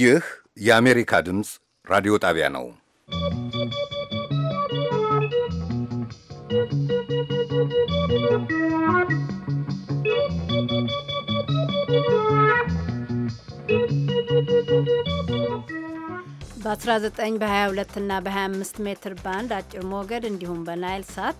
ይህ የአሜሪካ ድምፅ ራዲዮ ጣቢያ ነው። በ19 በ22 እና በ25 ሜትር ባንድ አጭር ሞገድ እንዲሁም በናይል ሳት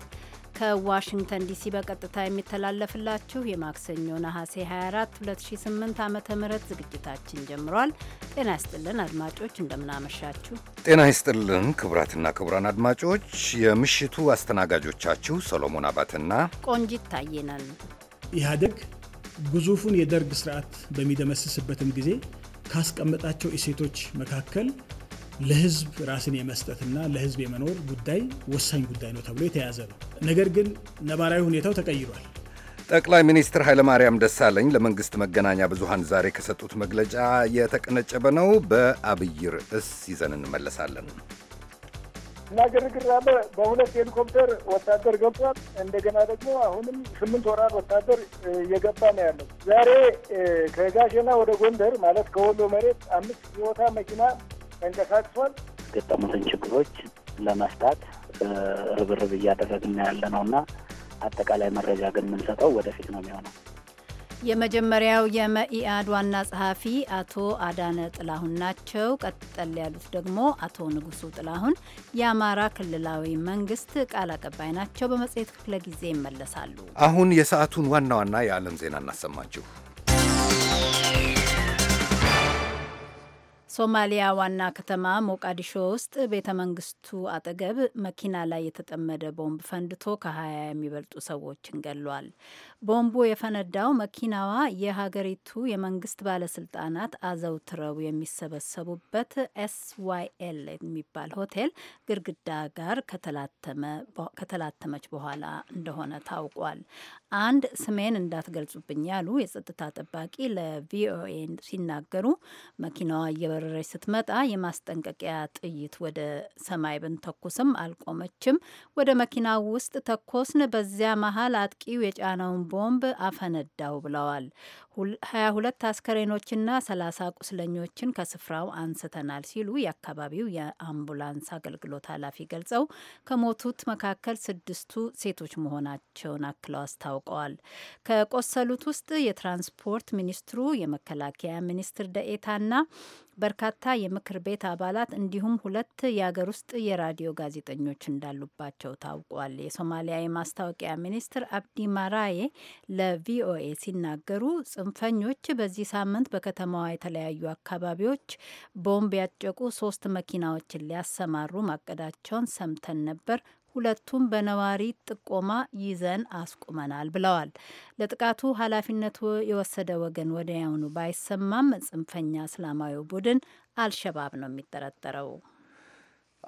ከዋሽንግተን ዲሲ በቀጥታ የሚተላለፍላችሁ የማክሰኞ ነሐሴ 24 2008 ዓ ም ዝግጅታችን ጀምሯል። ጤና ይስጥልን አድማጮች፣ እንደምናመሻችሁ። ጤና ይስጥልን ክቡራትና ክቡራን አድማጮች፣ የምሽቱ አስተናጋጆቻችሁ ሰሎሞን አባትና ቆንጂት ታየናል። ኢህአደግ ግዙፉን የደርግ ስርዓት በሚደመስስበትም ጊዜ ካስቀመጣቸው እሴቶች መካከል ለህዝብ ራስን የመስጠትና ለህዝብ የመኖር ጉዳይ ወሳኝ ጉዳይ ነው ተብሎ የተያዘ ነው። ነገር ግን ነባራዊ ሁኔታው ተቀይሯል። ጠቅላይ ሚኒስትር ኃይለማርያም ደሳለኝ ለመንግስት መገናኛ ብዙሃን ዛሬ ከሰጡት መግለጫ የተቀነጨበ ነው። በአብይ ርዕስ ይዘን እንመለሳለን። እና ግርግር አለ። በሁለት ሄሊኮፕተር ወታደር ገብቷል። እንደገና ደግሞ አሁንም ስምንት ወራት ወታደር እየገባ ነው ያለው። ዛሬ ከጋሸና ወደ ጎንደር ማለት ከወሎ መሬት አምስት ቦታ መኪና ተንቀሳቅሷል። ገጠሙትን ችግሮች ለመፍታት ርብርብ እያደረግን ያለ ነው እና አጠቃላይ መረጃ ግን የምንሰጠው ወደፊት ነው የሚሆነው። የመጀመሪያው የመኢአድ ዋና ጸሐፊ አቶ አዳነ ጥላሁን ናቸው። ቀጠል ያሉት ደግሞ አቶ ንጉሱ ጥላሁን የአማራ ክልላዊ መንግስት ቃል አቀባይ ናቸው። በመጽሔት ክፍለ ጊዜ ይመለሳሉ። አሁን የሰዓቱን ዋና ዋና የዓለም ዜና እናሰማችሁ። ሶማሊያ ዋና ከተማ ሞቃዲሾ ውስጥ ቤተ መንግስቱ አጠገብ መኪና ላይ የተጠመደ ቦምብ ፈንድቶ ከሀያ የሚበልጡ ሰዎችን ገሏል። ቦምቡ የፈነዳው መኪናዋ የሀገሪቱ የመንግስት ባለስልጣናት አዘውትረው የሚሰበሰቡበት ኤስዋይኤል የሚባል ሆቴል ግድግዳ ጋር ከተላተመች በኋላ እንደሆነ ታውቋል። አንድ ስሜን እንዳትገልጹብኝ ያሉ የጸጥታ ጠባቂ ለቪኦኤ ሲናገሩ መኪናዋ እየበረረች ስትመጣ የማስጠንቀቂያ ጥይት ወደ ሰማይ ብንተኩስም አልቆመችም። ወደ መኪናው ውስጥ ተኮስን። በዚያ መሀል አጥቂው የጫነውን ቦምብ አፈነዳው ብለዋል። 22 አስከሬኖችና 30 ቁስለኞችን ከስፍራው አንስተናል ሲሉ የአካባቢው የአምቡላንስ አገልግሎት ኃላፊ ገልጸው ከሞቱት መካከል ስድስቱ ሴቶች መሆናቸውን አክለው አስታውቀዋል። ከቆሰሉት ውስጥ የትራንስፖርት ሚኒስትሩ፣ የመከላከያ ሚኒስትር ደኤታና በርካታ የምክር ቤት አባላት እንዲሁም ሁለት የአገር ውስጥ የራዲዮ ጋዜጠኞች እንዳሉባቸው ታውቋል። የሶማሊያ የማስታወቂያ ሚኒስትር አብዲ ማራዬ ለቪኦኤ ሲናገሩ ጽንፈኞች በዚህ ሳምንት በከተማዋ የተለያዩ አካባቢዎች ቦምብ ያጨቁ ሶስት መኪናዎችን ሊያሰማሩ ማቀዳቸውን ሰምተን ነበር። ሁለቱም በነዋሪ ጥቆማ ይዘን አስቁመናል ብለዋል። ለጥቃቱ ኃላፊነት የወሰደ ወገን ወዲያውኑ ባይሰማም ጽንፈኛ እስላማዊ ቡድን አልሸባብ ነው የሚጠረጠረው።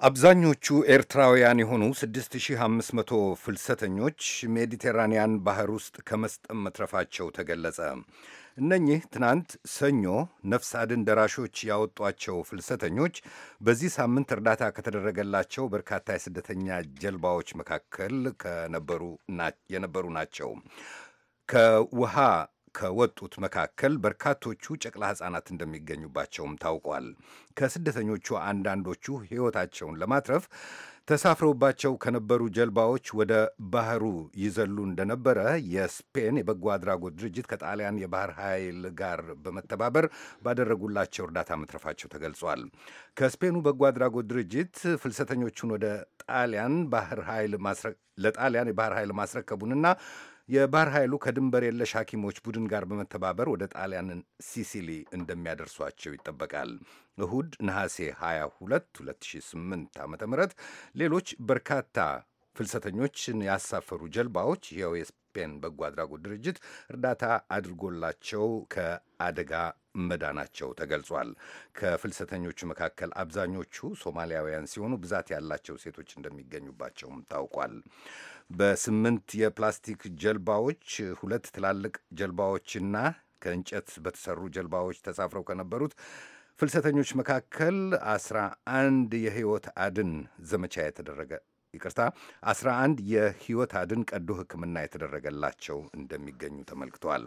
አብዛኞቹ ኤርትራውያን የሆኑ 6500 ፍልሰተኞች ሜዲቴራንያን ባህር ውስጥ ከመስጠም መትረፋቸው ተገለጸ። እነኚህ ትናንት ሰኞ ነፍስ አድን ደራሾች ያወጧቸው ፍልሰተኞች በዚህ ሳምንት እርዳታ ከተደረገላቸው በርካታ የስደተኛ ጀልባዎች መካከል ከነበሩ የነበሩ ናቸው። ከውሃ ከወጡት መካከል በርካቶቹ ጨቅላ ሕጻናት እንደሚገኙባቸውም ታውቋል። ከስደተኞቹ አንዳንዶቹ ሕይወታቸውን ለማትረፍ ተሳፍረውባቸው ከነበሩ ጀልባዎች ወደ ባህሩ ይዘሉ እንደነበረ የስፔን የበጎ አድራጎት ድርጅት ከጣሊያን የባህር ኃይል ጋር በመተባበር ባደረጉላቸው እርዳታ መትረፋቸው ተገልጿል። ከስፔኑ በጎ አድራጎት ድርጅት ፍልሰተኞቹን ወደ ጣሊያን ባህር ኃይል ለጣሊያን የባህር ኃይል ማስረከቡንና የባህር ኃይሉ ከድንበር የለሽ ሐኪሞች ቡድን ጋር በመተባበር ወደ ጣሊያን ሲሲሊ እንደሚያደርሷቸው ይጠበቃል። እሁድ ነሐሴ 22 2008 ዓ ም ሌሎች በርካታ ፍልሰተኞችን ያሳፈሩ ጀልባዎች ይኸው የስፔን በጎ አድራጎት ድርጅት እርዳታ አድርጎላቸው ከአደጋ መዳናቸው ተገልጿል። ከፍልሰተኞቹ መካከል አብዛኞቹ ሶማሊያውያን ሲሆኑ ብዛት ያላቸው ሴቶች እንደሚገኙባቸውም ታውቋል። በስምንት የፕላስቲክ ጀልባዎች ሁለት ትላልቅ ጀልባዎችና ከእንጨት በተሰሩ ጀልባዎች ተሳፍረው ከነበሩት ፍልሰተኞች መካከል አስራ አንድ የህይወት አድን ዘመቻ የተደረገ ይቅርታ 11 የህይወት አድን ቀዶ ህክምና የተደረገላቸው እንደሚገኙ ተመልክተዋል።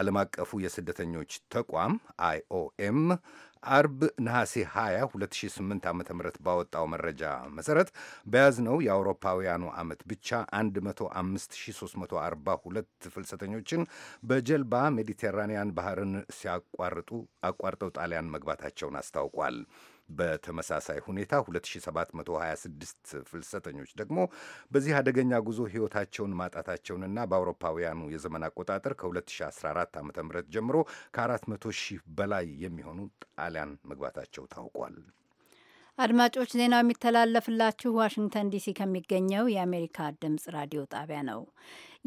ዓለም አቀፉ የስደተኞች ተቋም አይኦኤም አርብ ነሐሴ 20 2008 ዓ ም ባወጣው መረጃ መሠረት በያዝነው የአውሮፓውያኑ ዓመት ብቻ 105342 ፍልሰተኞችን በጀልባ ሜዲቴራንያን ባህርን ሲያቋርጡ አቋርጠው ጣሊያን መግባታቸውን አስታውቋል። በተመሳሳይ ሁኔታ 2726 ፍልሰተኞች ደግሞ በዚህ አደገኛ ጉዞ ሕይወታቸውን ማጣታቸውንና በአውሮፓውያኑ የዘመን አቆጣጠር ከ2014 ዓ ም ጀምሮ ከ400 ሺህ በላይ የሚሆኑ ጣሊያን መግባታቸው ታውቋል። አድማጮች ዜናው የሚተላለፍላችሁ ዋሽንግተን ዲሲ ከሚገኘው የአሜሪካ ድምጽ ራዲዮ ጣቢያ ነው።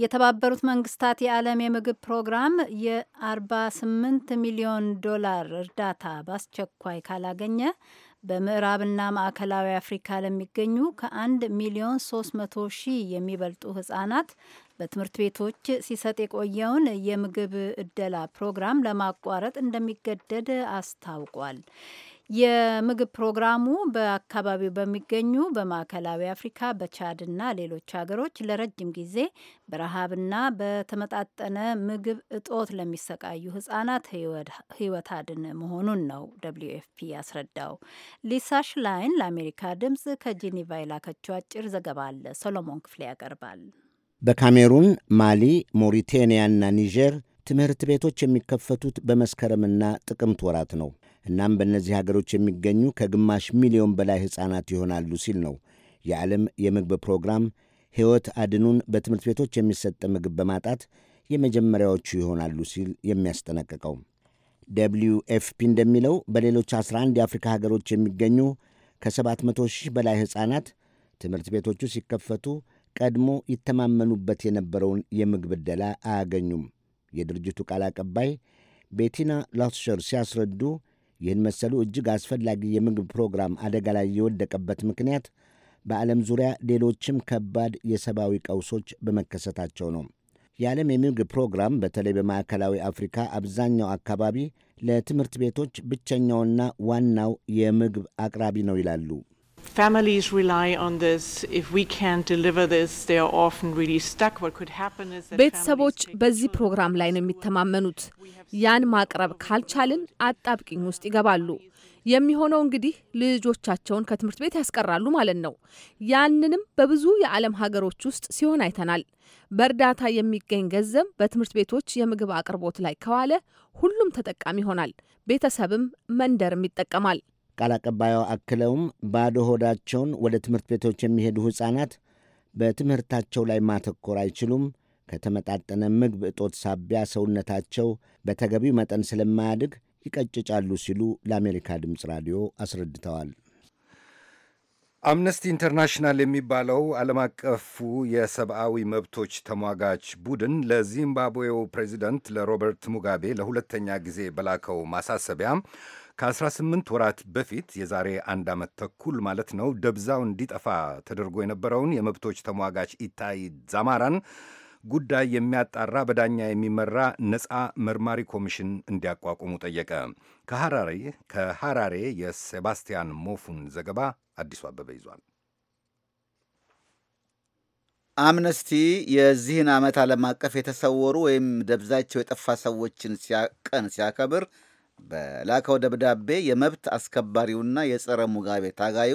የተባበሩት መንግስታት የዓለም የምግብ ፕሮግራም የ48 ሚሊዮን ዶላር እርዳታ በአስቸኳይ ካላገኘ በምዕራብና ማዕከላዊ አፍሪካ ለሚገኙ ከ1 ሚሊዮን 300 ሺህ የሚበልጡ ህጻናት በትምህርት ቤቶች ሲሰጥ የቆየውን የምግብ እደላ ፕሮግራም ለማቋረጥ እንደሚገደድ አስታውቋል። የምግብ ፕሮግራሙ በአካባቢው በሚገኙ በማዕከላዊ አፍሪካ በቻድና ሌሎች ሀገሮች ለረጅም ጊዜ በረሃብና በተመጣጠነ ምግብ እጦት ለሚሰቃዩ ህጻናት ህይወት አድን መሆኑን ነው ደብሊዩ ኤፍፒ ያስረዳው። ሊሳ ሽላይን ለአሜሪካ ድምፅ ከጄኔቫ የላከችው አጭር ዘገባ አለ። ሰሎሞን ክፍሌ ያቀርባል። በካሜሩን፣ ማሊ፣ ሞሪቴንያና ኒጀር ትምህርት ቤቶች የሚከፈቱት በመስከረምና ጥቅምት ወራት ነው። እናም በእነዚህ ሀገሮች የሚገኙ ከግማሽ ሚሊዮን በላይ ሕፃናት ይሆናሉ ሲል ነው የዓለም የምግብ ፕሮግራም ሕይወት አድኑን በትምህርት ቤቶች የሚሰጥ ምግብ በማጣት የመጀመሪያዎቹ ይሆናሉ ሲል የሚያስጠነቅቀው። ደብሊዩ ኤፍፒ እንደሚለው በሌሎች 11 የአፍሪካ ሀገሮች የሚገኙ ከ700 ሺህ በላይ ሕፃናት ትምህርት ቤቶቹ ሲከፈቱ ቀድሞ ይተማመኑበት የነበረውን የምግብ ዕደላ አያገኙም። የድርጅቱ ቃል አቀባይ ቤቲና ላትሸር ሲያስረዱ ይህን መሰሉ እጅግ አስፈላጊ የምግብ ፕሮግራም አደጋ ላይ የወደቀበት ምክንያት በዓለም ዙሪያ ሌሎችም ከባድ የሰብአዊ ቀውሶች በመከሰታቸው ነው። የዓለም የምግብ ፕሮግራም በተለይ በማዕከላዊ አፍሪካ አብዛኛው አካባቢ ለትምህርት ቤቶች ብቸኛውና ዋናው የምግብ አቅራቢ ነው ይላሉ ቤተሰቦች በዚህ ፕሮግራም ላይ ነው የሚተማመኑት። ያን ማቅረብ ካልቻልን አጣብቂኝ ውስጥ ይገባሉ። የሚሆነው እንግዲህ ልጆቻቸውን ከትምህርት ቤት ያስቀራሉ ማለት ነው። ያንንም በብዙ የዓለም ሀገሮች ውስጥ ሲሆን አይተናል። በእርዳታ የሚገኝ ገንዘብ በትምህርት ቤቶች የምግብ አቅርቦት ላይ ከዋለ ሁሉም ተጠቃሚ ይሆናል። ቤተሰብም መንደርም ይጠቀማል። ቃል አቀባዩ አክለውም ባዶ ሆዳቸውን ወደ ትምህርት ቤቶች የሚሄዱ ሕፃናት በትምህርታቸው ላይ ማተኮር አይችሉም። ከተመጣጠነ ምግብ እጦት ሳቢያ ሰውነታቸው በተገቢው መጠን ስለማያድግ ይቀጭጫሉ ሲሉ ለአሜሪካ ድምፅ ራዲዮ አስረድተዋል። አምነስቲ ኢንተርናሽናል የሚባለው ዓለም አቀፉ የሰብአዊ መብቶች ተሟጋች ቡድን ለዚምባብዌው ፕሬዚደንት ለሮበርት ሙጋቤ ለሁለተኛ ጊዜ በላከው ማሳሰቢያ ከ18 ወራት በፊት የዛሬ አንድ ዓመት ተኩል ማለት ነው ደብዛው እንዲጠፋ ተደርጎ የነበረውን የመብቶች ተሟጋች ኢታይ ዛማራን ጉዳይ የሚያጣራ በዳኛ የሚመራ ነፃ መርማሪ ኮሚሽን እንዲያቋቁሙ ጠየቀ። ከሐራሬ ከሐራሬ የሴባስቲያን ሞፉን ዘገባ አዲሱ አበበ ይዟል። አምነስቲ የዚህን ዓመት ዓለም አቀፍ የተሰወሩ ወይም ደብዛቸው የጠፋ ሰዎችን ቀን ሲያከብር በላከው ደብዳቤ የመብት አስከባሪውና የጸረ ሙጋቤ ታጋዩ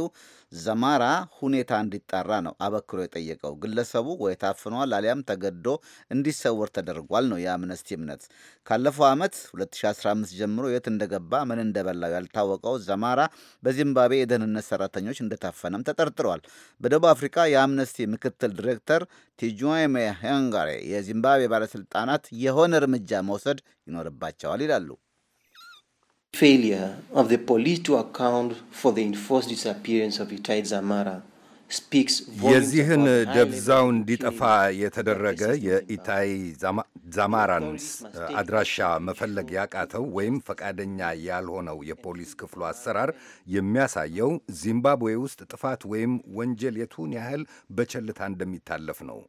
ዘማራ ሁኔታ እንዲጣራ ነው አበክሮ የጠየቀው። ግለሰቡ ወይ ታፍኗል አሊያም ተገዶ እንዲሰወር ተደርጓል ነው የአምነስቲ እምነት። ካለፈው ዓመት 2015 ጀምሮ የት እንደገባ ምን እንደበላው ያልታወቀው ዘማራ በዚምባብዌ የደህንነት ሰራተኞች እንደታፈነም ተጠርጥሯል። በደቡብ አፍሪካ የአምነስቲ ምክትል ዲሬክተር ቲጁዌሜ ሄንጋሬ የዚምባብዌ ባለሥልጣናት የሆነ እርምጃ መውሰድ ይኖርባቸዋል ይላሉ። Failure of the police to account for the enforced disappearance of Itaid Zamara የዚህን ደብዛው እንዲጠፋ የተደረገ የኢታይ ዛማራን አድራሻ መፈለግ ያቃተው ወይም ፈቃደኛ ያልሆነው የፖሊስ ክፍሉ አሰራር የሚያሳየው ዚምባብዌ ውስጥ ጥፋት ወይም ወንጀል የቱን ያህል በቸልታ እንደሚታለፍ ነው።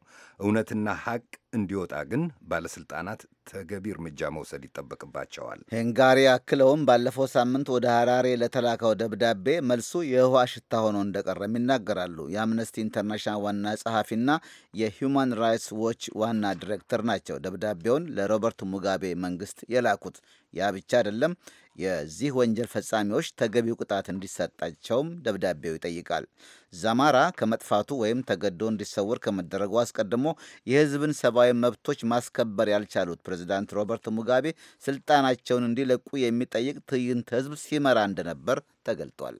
እውነትና ሐቅ እንዲወጣ ግን ባለስልጣናት ተገቢ እርምጃ መውሰድ ይጠበቅባቸዋል። ሄንጋሪ አክለውም ባለፈው ሳምንት ወደ ሐራሬ ለተላከው ደብዳቤ መልሱ የውሃ ሽታ ሆኖ እንደቀረም ይናገራሉ። የአምነስቲ ኢንተርናሽናል ዋና ጸሐፊና የሂውማን ራይትስ ዎች ዋና ዲሬክተር ናቸው ደብዳቤውን ለሮበርት ሙጋቤ መንግስት የላኩት። ያ ብቻ አይደለም። የዚህ ወንጀል ፈጻሚዎች ተገቢው ቅጣት እንዲሰጣቸውም ደብዳቤው ይጠይቃል። ዛማራ ከመጥፋቱ ወይም ተገዶ እንዲሰውር ከመደረጉ አስቀድሞ የሕዝብን ሰብአዊ መብቶች ማስከበር ያልቻሉት ፕሬዚዳንት ሮበርት ሙጋቤ ስልጣናቸውን እንዲለቁ የሚጠይቅ ትዕይንተ ሕዝብ ሲመራ እንደነበር ተገልጧል።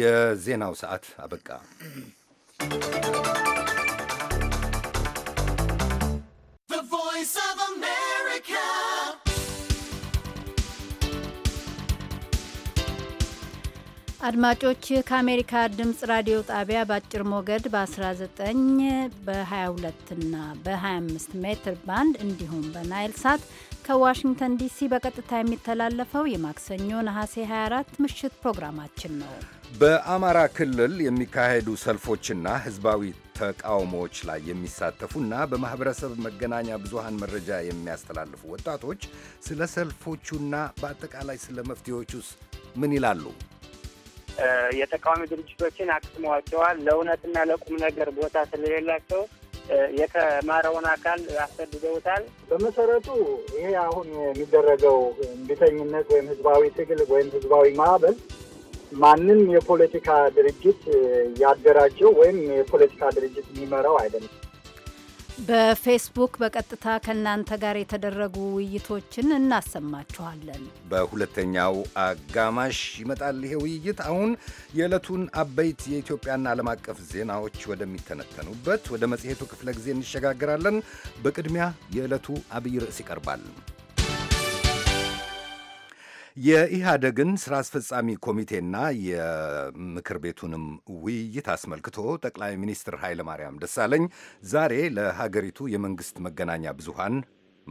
የዜናው ሰዓት አበቃ። አድማጮች ከአሜሪካ ድምፅ ራዲዮ ጣቢያ በአጭር ሞገድ በ19 በ22 እና በ25 ሜትር ባንድ እንዲሁም በናይል ሳት ከዋሽንግተን ዲሲ በቀጥታ የሚተላለፈው የማክሰኞ ነሐሴ 24 ምሽት ፕሮግራማችን ነው። በአማራ ክልል የሚካሄዱ ሰልፎችና ህዝባዊ ተቃውሞዎች ላይ የሚሳተፉና በማኅበረሰብ መገናኛ ብዙሃን መረጃ የሚያስተላልፉ ወጣቶች ስለ ሰልፎቹና በአጠቃላይ ስለ መፍትሄዎቹስ ምን ይላሉ? የተቃዋሚ ድርጅቶችን አቅስመዋቸዋል። ለእውነትና ለቁም ነገር ቦታ ስለሌላቸው የተማረውን አካል አስገድደውታል። በመሰረቱ ይሄ አሁን የሚደረገው እምቢተኝነት ወይም ህዝባዊ ትግል ወይም ህዝባዊ ማዕበል ማንም የፖለቲካ ድርጅት ያደራጀው ወይም የፖለቲካ ድርጅት የሚመራው አይደለም። በፌስቡክ በቀጥታ ከእናንተ ጋር የተደረጉ ውይይቶችን እናሰማችኋለን። በሁለተኛው አጋማሽ ይመጣል ይሄ ውይይት። አሁን የዕለቱን አበይት የኢትዮጵያና ዓለም አቀፍ ዜናዎች ወደሚተነተኑበት ወደ መጽሔቱ ክፍለ ጊዜ እንሸጋግራለን። በቅድሚያ የዕለቱ አብይ ርዕስ ይቀርባል። የኢህአደግን ስራ አስፈጻሚ ኮሚቴና የምክር ቤቱንም ውይይት አስመልክቶ ጠቅላይ ሚኒስትር ኃይለማርያም ደሳለኝ ዛሬ ለሀገሪቱ የመንግስት መገናኛ ብዙሃን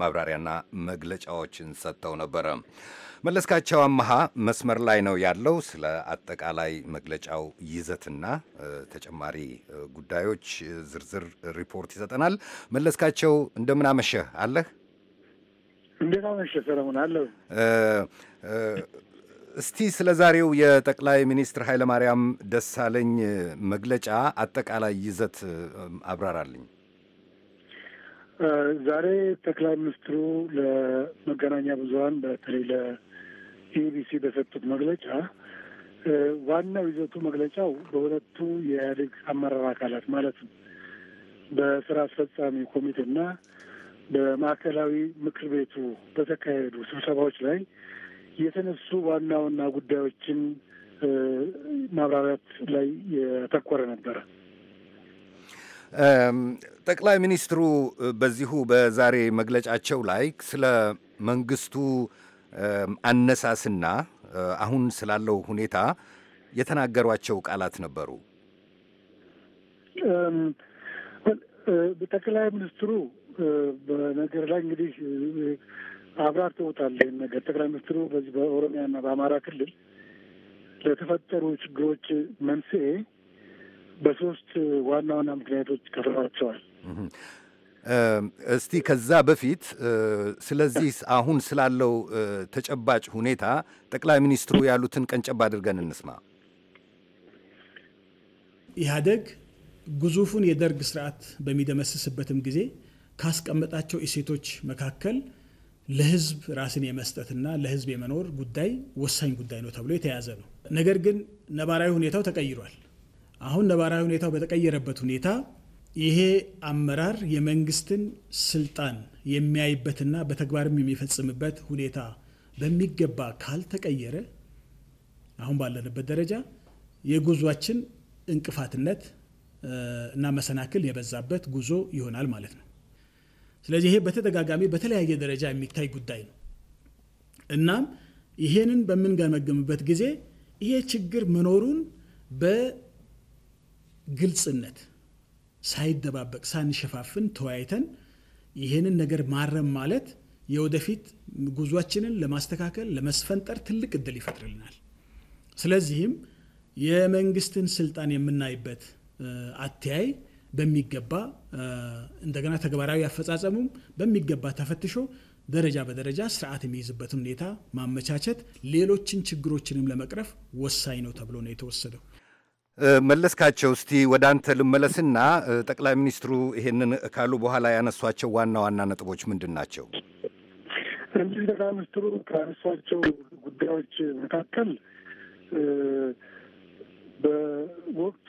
ማብራሪያና መግለጫዎችን ሰጥተው ነበረ። መለስካቸው አመሃ መስመር ላይ ነው ያለው። ስለ አጠቃላይ መግለጫው ይዘትና ተጨማሪ ጉዳዮች ዝርዝር ሪፖርት ይሰጠናል። መለስካቸው እንደምን አመሸህ አለህ? እንዴት አመሸ ሰለሞን? አለው። እስቲ ስለ ዛሬው የጠቅላይ ሚኒስትር ኃይለማርያም ደሳለኝ መግለጫ አጠቃላይ ይዘት አብራራልኝ። ዛሬ ጠቅላይ ሚኒስትሩ ለመገናኛ ብዙኃን በተለይ ለኢቢሲ በሰጡት መግለጫ ዋናው ይዘቱ መግለጫው በሁለቱ የኢህአዴግ አመራር አካላት ማለትም በስራ አስፈጻሚ ኮሚቴና በማዕከላዊ ምክር ቤቱ በተካሄዱ ስብሰባዎች ላይ የተነሱ ዋና ዋና ጉዳዮችን ማብራሪያት ላይ ያተኮረ ነበረ። ጠቅላይ ሚኒስትሩ በዚሁ በዛሬ መግለጫቸው ላይ ስለ መንግስቱ አነሳስና አሁን ስላለው ሁኔታ የተናገሯቸው ቃላት ነበሩ። ጠቅላይ ሚኒስትሩ በነገር ላይ እንግዲህ አብራርተውታል። ይህን ነገር ጠቅላይ ሚኒስትሩ በዚህ በኦሮሚያና በአማራ ክልል ለተፈጠሩ ችግሮች መንስኤ በሶስት ዋና ዋና ምክንያቶች ከፍሏቸዋል። እስቲ ከዛ በፊት ስለዚህ አሁን ስላለው ተጨባጭ ሁኔታ ጠቅላይ ሚኒስትሩ ያሉትን ቀንጨብ አድርገን እንስማ። ኢህአደግ ግዙፉን የደርግ ስርዓት በሚደመስስበትም ጊዜ ካስቀመጣቸው እሴቶች መካከል ለህዝብ ራስን የመስጠትና ለህዝብ የመኖር ጉዳይ ወሳኝ ጉዳይ ነው ተብሎ የተያዘ ነው። ነገር ግን ነባራዊ ሁኔታው ተቀይሯል። አሁን ነባራዊ ሁኔታው በተቀየረበት ሁኔታ ይሄ አመራር የመንግስትን ስልጣን የሚያይበትና በተግባርም የሚፈጽምበት ሁኔታ በሚገባ ካልተቀየረ አሁን ባለንበት ደረጃ የጉዟችን እንቅፋትነት እና መሰናክል የበዛበት ጉዞ ይሆናል ማለት ነው። ስለዚህ ይሄ በተደጋጋሚ በተለያየ ደረጃ የሚታይ ጉዳይ ነው። እናም ይሄንን በምንገመግምበት ጊዜ ይሄ ችግር መኖሩን በግልጽነት ሳይደባበቅ፣ ሳንሸፋፍን ተወያይተን ይህንን ነገር ማረም ማለት የወደፊት ጉዟችንን ለማስተካከል ለመስፈንጠር ትልቅ እድል ይፈጥርልናል። ስለዚህም የመንግስትን ስልጣን የምናይበት አተያይ በሚገባ እንደገና ተግባራዊ አፈጻጸሙም በሚገባ ተፈትሾ ደረጃ በደረጃ ስርዓት የሚይዝበትን ሁኔታ ማመቻቸት ሌሎችን ችግሮችንም ለመቅረፍ ወሳኝ ነው ተብሎ ነው የተወሰደው። መለስካቸው፣ እስቲ ወደ አንተ ልመለስና ጠቅላይ ሚኒስትሩ ይሄንን ካሉ በኋላ ያነሷቸው ዋና ዋና ነጥቦች ምንድን ናቸው? እንዲህ ጠቅላይ ሚኒስትሩ ካነሷቸው ጉዳዮች መካከል በወቅቱ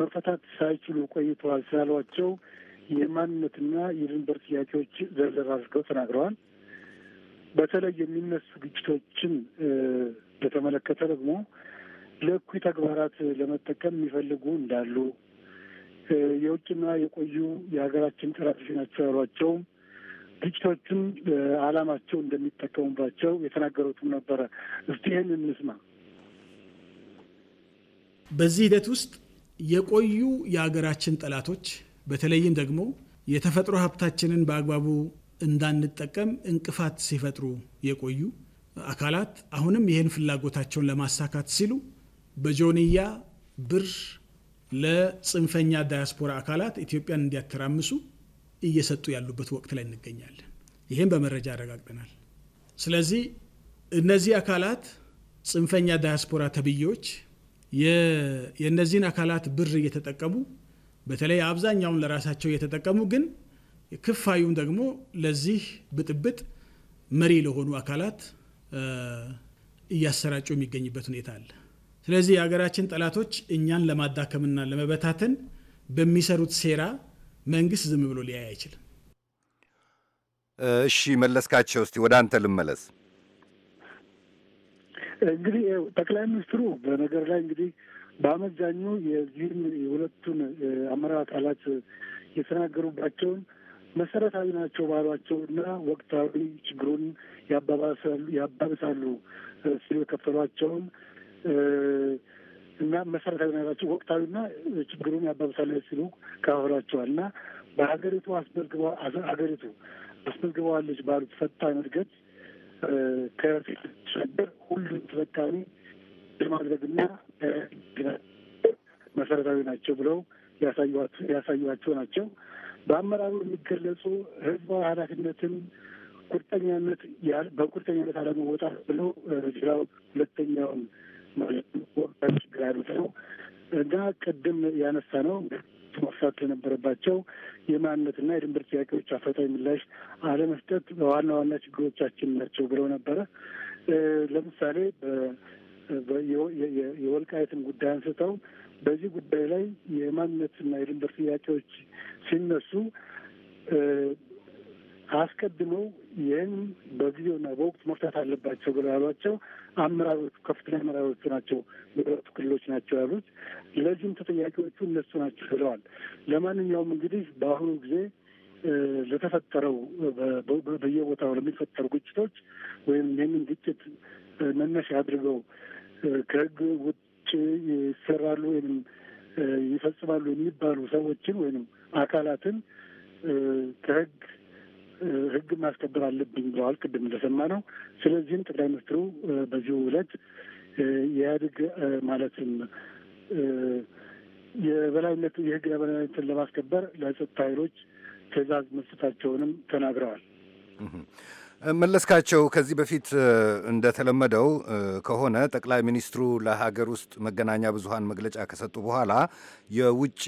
መፈታት ሳይችሉ ቆይተዋል ስላሏቸው የማንነትና የድንበር ጥያቄዎች ዘርዘር አድርገው ተናግረዋል። በተለይ የሚነሱ ግጭቶችን በተመለከተ ደግሞ ለእኩይ ተግባራት ለመጠቀም የሚፈልጉ እንዳሉ የውጭና የቆዩ የሀገራችን ጠላቶች ናቸው ያሏቸውም ግጭቶችን አላማቸው እንደሚጠቀሙባቸው የተናገሩትም ነበረ። እስቲ ይህን እንስማ። በዚህ ሂደት ውስጥ የቆዩ የሀገራችን ጠላቶች በተለይም ደግሞ የተፈጥሮ ሀብታችንን በአግባቡ እንዳንጠቀም እንቅፋት ሲፈጥሩ የቆዩ አካላት አሁንም ይህን ፍላጎታቸውን ለማሳካት ሲሉ በጆንያ ብር ለጽንፈኛ ዳያስፖራ አካላት ኢትዮጵያን እንዲያተራምሱ እየሰጡ ያሉበት ወቅት ላይ እንገኛለን። ይህም በመረጃ አረጋግጠናል። ስለዚህ እነዚህ አካላት ጽንፈኛ ዳያስፖራ ተብዬዎች የእነዚህን አካላት ብር እየተጠቀሙ በተለይ አብዛኛውን ለራሳቸው እየተጠቀሙ ግን ክፋዩም ደግሞ ለዚህ ብጥብጥ መሪ ለሆኑ አካላት እያሰራጩ የሚገኝበት ሁኔታ አለ። ስለዚህ የሀገራችን ጠላቶች እኛን ለማዳከምና ለመበታተን በሚሰሩት ሴራ መንግስት ዝም ብሎ ሊያይ አይችልም። እሺ መለስካቸው፣ እስቲ ወደ አንተ ልመለስ። እንግዲህ ጠቅላይ ሚኒስትሩ በነገር ላይ እንግዲህ በአመዛኙ የዚህም የሁለቱን አመራር አካላት የተናገሩባቸውን መሰረታዊ ናቸው ባሏቸው እና ወቅታዊ ችግሩን ያባባሳሉ ያባብሳሉ ሲሉ የከፈሏቸውን እና መሰረታዊ ናቸው ወቅታዊና ችግሩን ያባብሳሉ ሲሉ ካፈሏቸዋል እና በሀገሪቱ አስመዝግበ ሀገሪቱ አስመዝግበዋለች ባሉት ፈጣን እድገት ከችግር ሁሉም ተፈታሚ ለማድረግና መሰረታዊ ናቸው ብለው ያሳዩቸው ናቸው። በአመራሩ የሚገለጹ ህዝባዊ ኃላፊነትን ቁርጠኛነት በቁርጠኛነት አለመወጣት ብለው ሌላው ሁለተኛውን ማለት ችግር ያሉት ነው እና ቅድም ያነሳ ነው መፍታት ለነበረባቸው የማንነትና የድንበር ጥያቄዎች አፈታዊ ምላሽ አለመስጠት ዋና ዋና ችግሮቻችን ናቸው ብለው ነበረ። ለምሳሌ የወልቃየትን ጉዳይ አንስተው በዚህ ጉዳይ ላይ የማንነትና የድንበር ጥያቄዎች ሲነሱ አስቀድመው ይህን በጊዜውና በወቅት መፍታት አለባቸው ብለው ያሏቸው አመራሮቹ ከፍተኛ አመራሮቹ ናቸው፣ በሁለቱ ክልሎች ናቸው ያሉት። ለዚህም ተጠያቂዎቹ እነሱ ናቸው ብለዋል። ለማንኛውም እንግዲህ በአሁኑ ጊዜ ለተፈጠረው በየቦታው ለሚፈጠሩ ግጭቶች ወይም ይህንን ግጭት መነሻ አድርገው ከህግ ውጭ ይሰራሉ ወይም ይፈጽማሉ የሚባሉ ሰዎችን ወይም አካላትን ከህግ ህግ ማስከበር አለብኝ ብለዋል። ቅድም እንደሰማ ነው። ስለዚህም ጠቅላይ ሚኒስትሩ በዚሁ ዕለት የኢህአዴግ ማለትም የበላይነት የህግ የበላይነትን ለማስከበር ለጸጥታ ኃይሎች ትዕዛዝ መስጠታቸውንም ተናግረዋል። መለስካቸው ከዚህ በፊት እንደተለመደው ከሆነ ጠቅላይ ሚኒስትሩ ለሀገር ውስጥ መገናኛ ብዙሃን መግለጫ ከሰጡ በኋላ የውጭ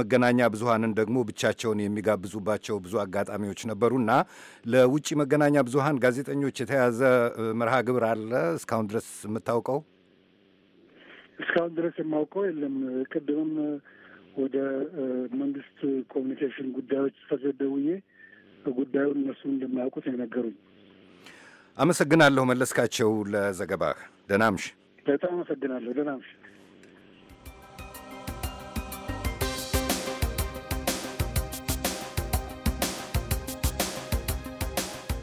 መገናኛ ብዙሃንን ደግሞ ብቻቸውን የሚጋብዙባቸው ብዙ አጋጣሚዎች ነበሩና ለውጭ መገናኛ ብዙሃን ጋዜጠኞች የተያዘ መርሃ ግብር አለ እስካሁን ድረስ የምታውቀው? እስካሁን ድረስ የማውቀው የለም። ቅድምም ወደ መንግስት ኮሚኒኬሽን ጉዳዮች ተዘደውዬ ጉዳዩን እነሱ እንደማያውቁት የነገሩኝ አመሰግናለሁ መለስካቸው ለዘገባህ። ደናምሽ በጣም አመሰግናለሁ። ደናምሽ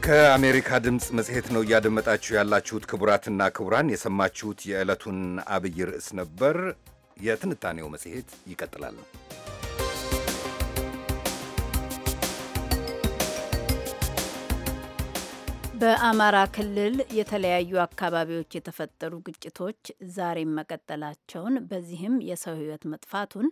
ከአሜሪካ ድምፅ መጽሔት ነው እያደመጣችሁ ያላችሁት። ክቡራትና ክቡራን የሰማችሁት የዕለቱን አብይ ርዕስ ነበር። የትንታኔው መጽሔት ይቀጥላል። በአማራ ክልል የተለያዩ አካባቢዎች የተፈጠሩ ግጭቶች ዛሬም መቀጠላቸውን በዚህም የሰው ሕይወት መጥፋቱን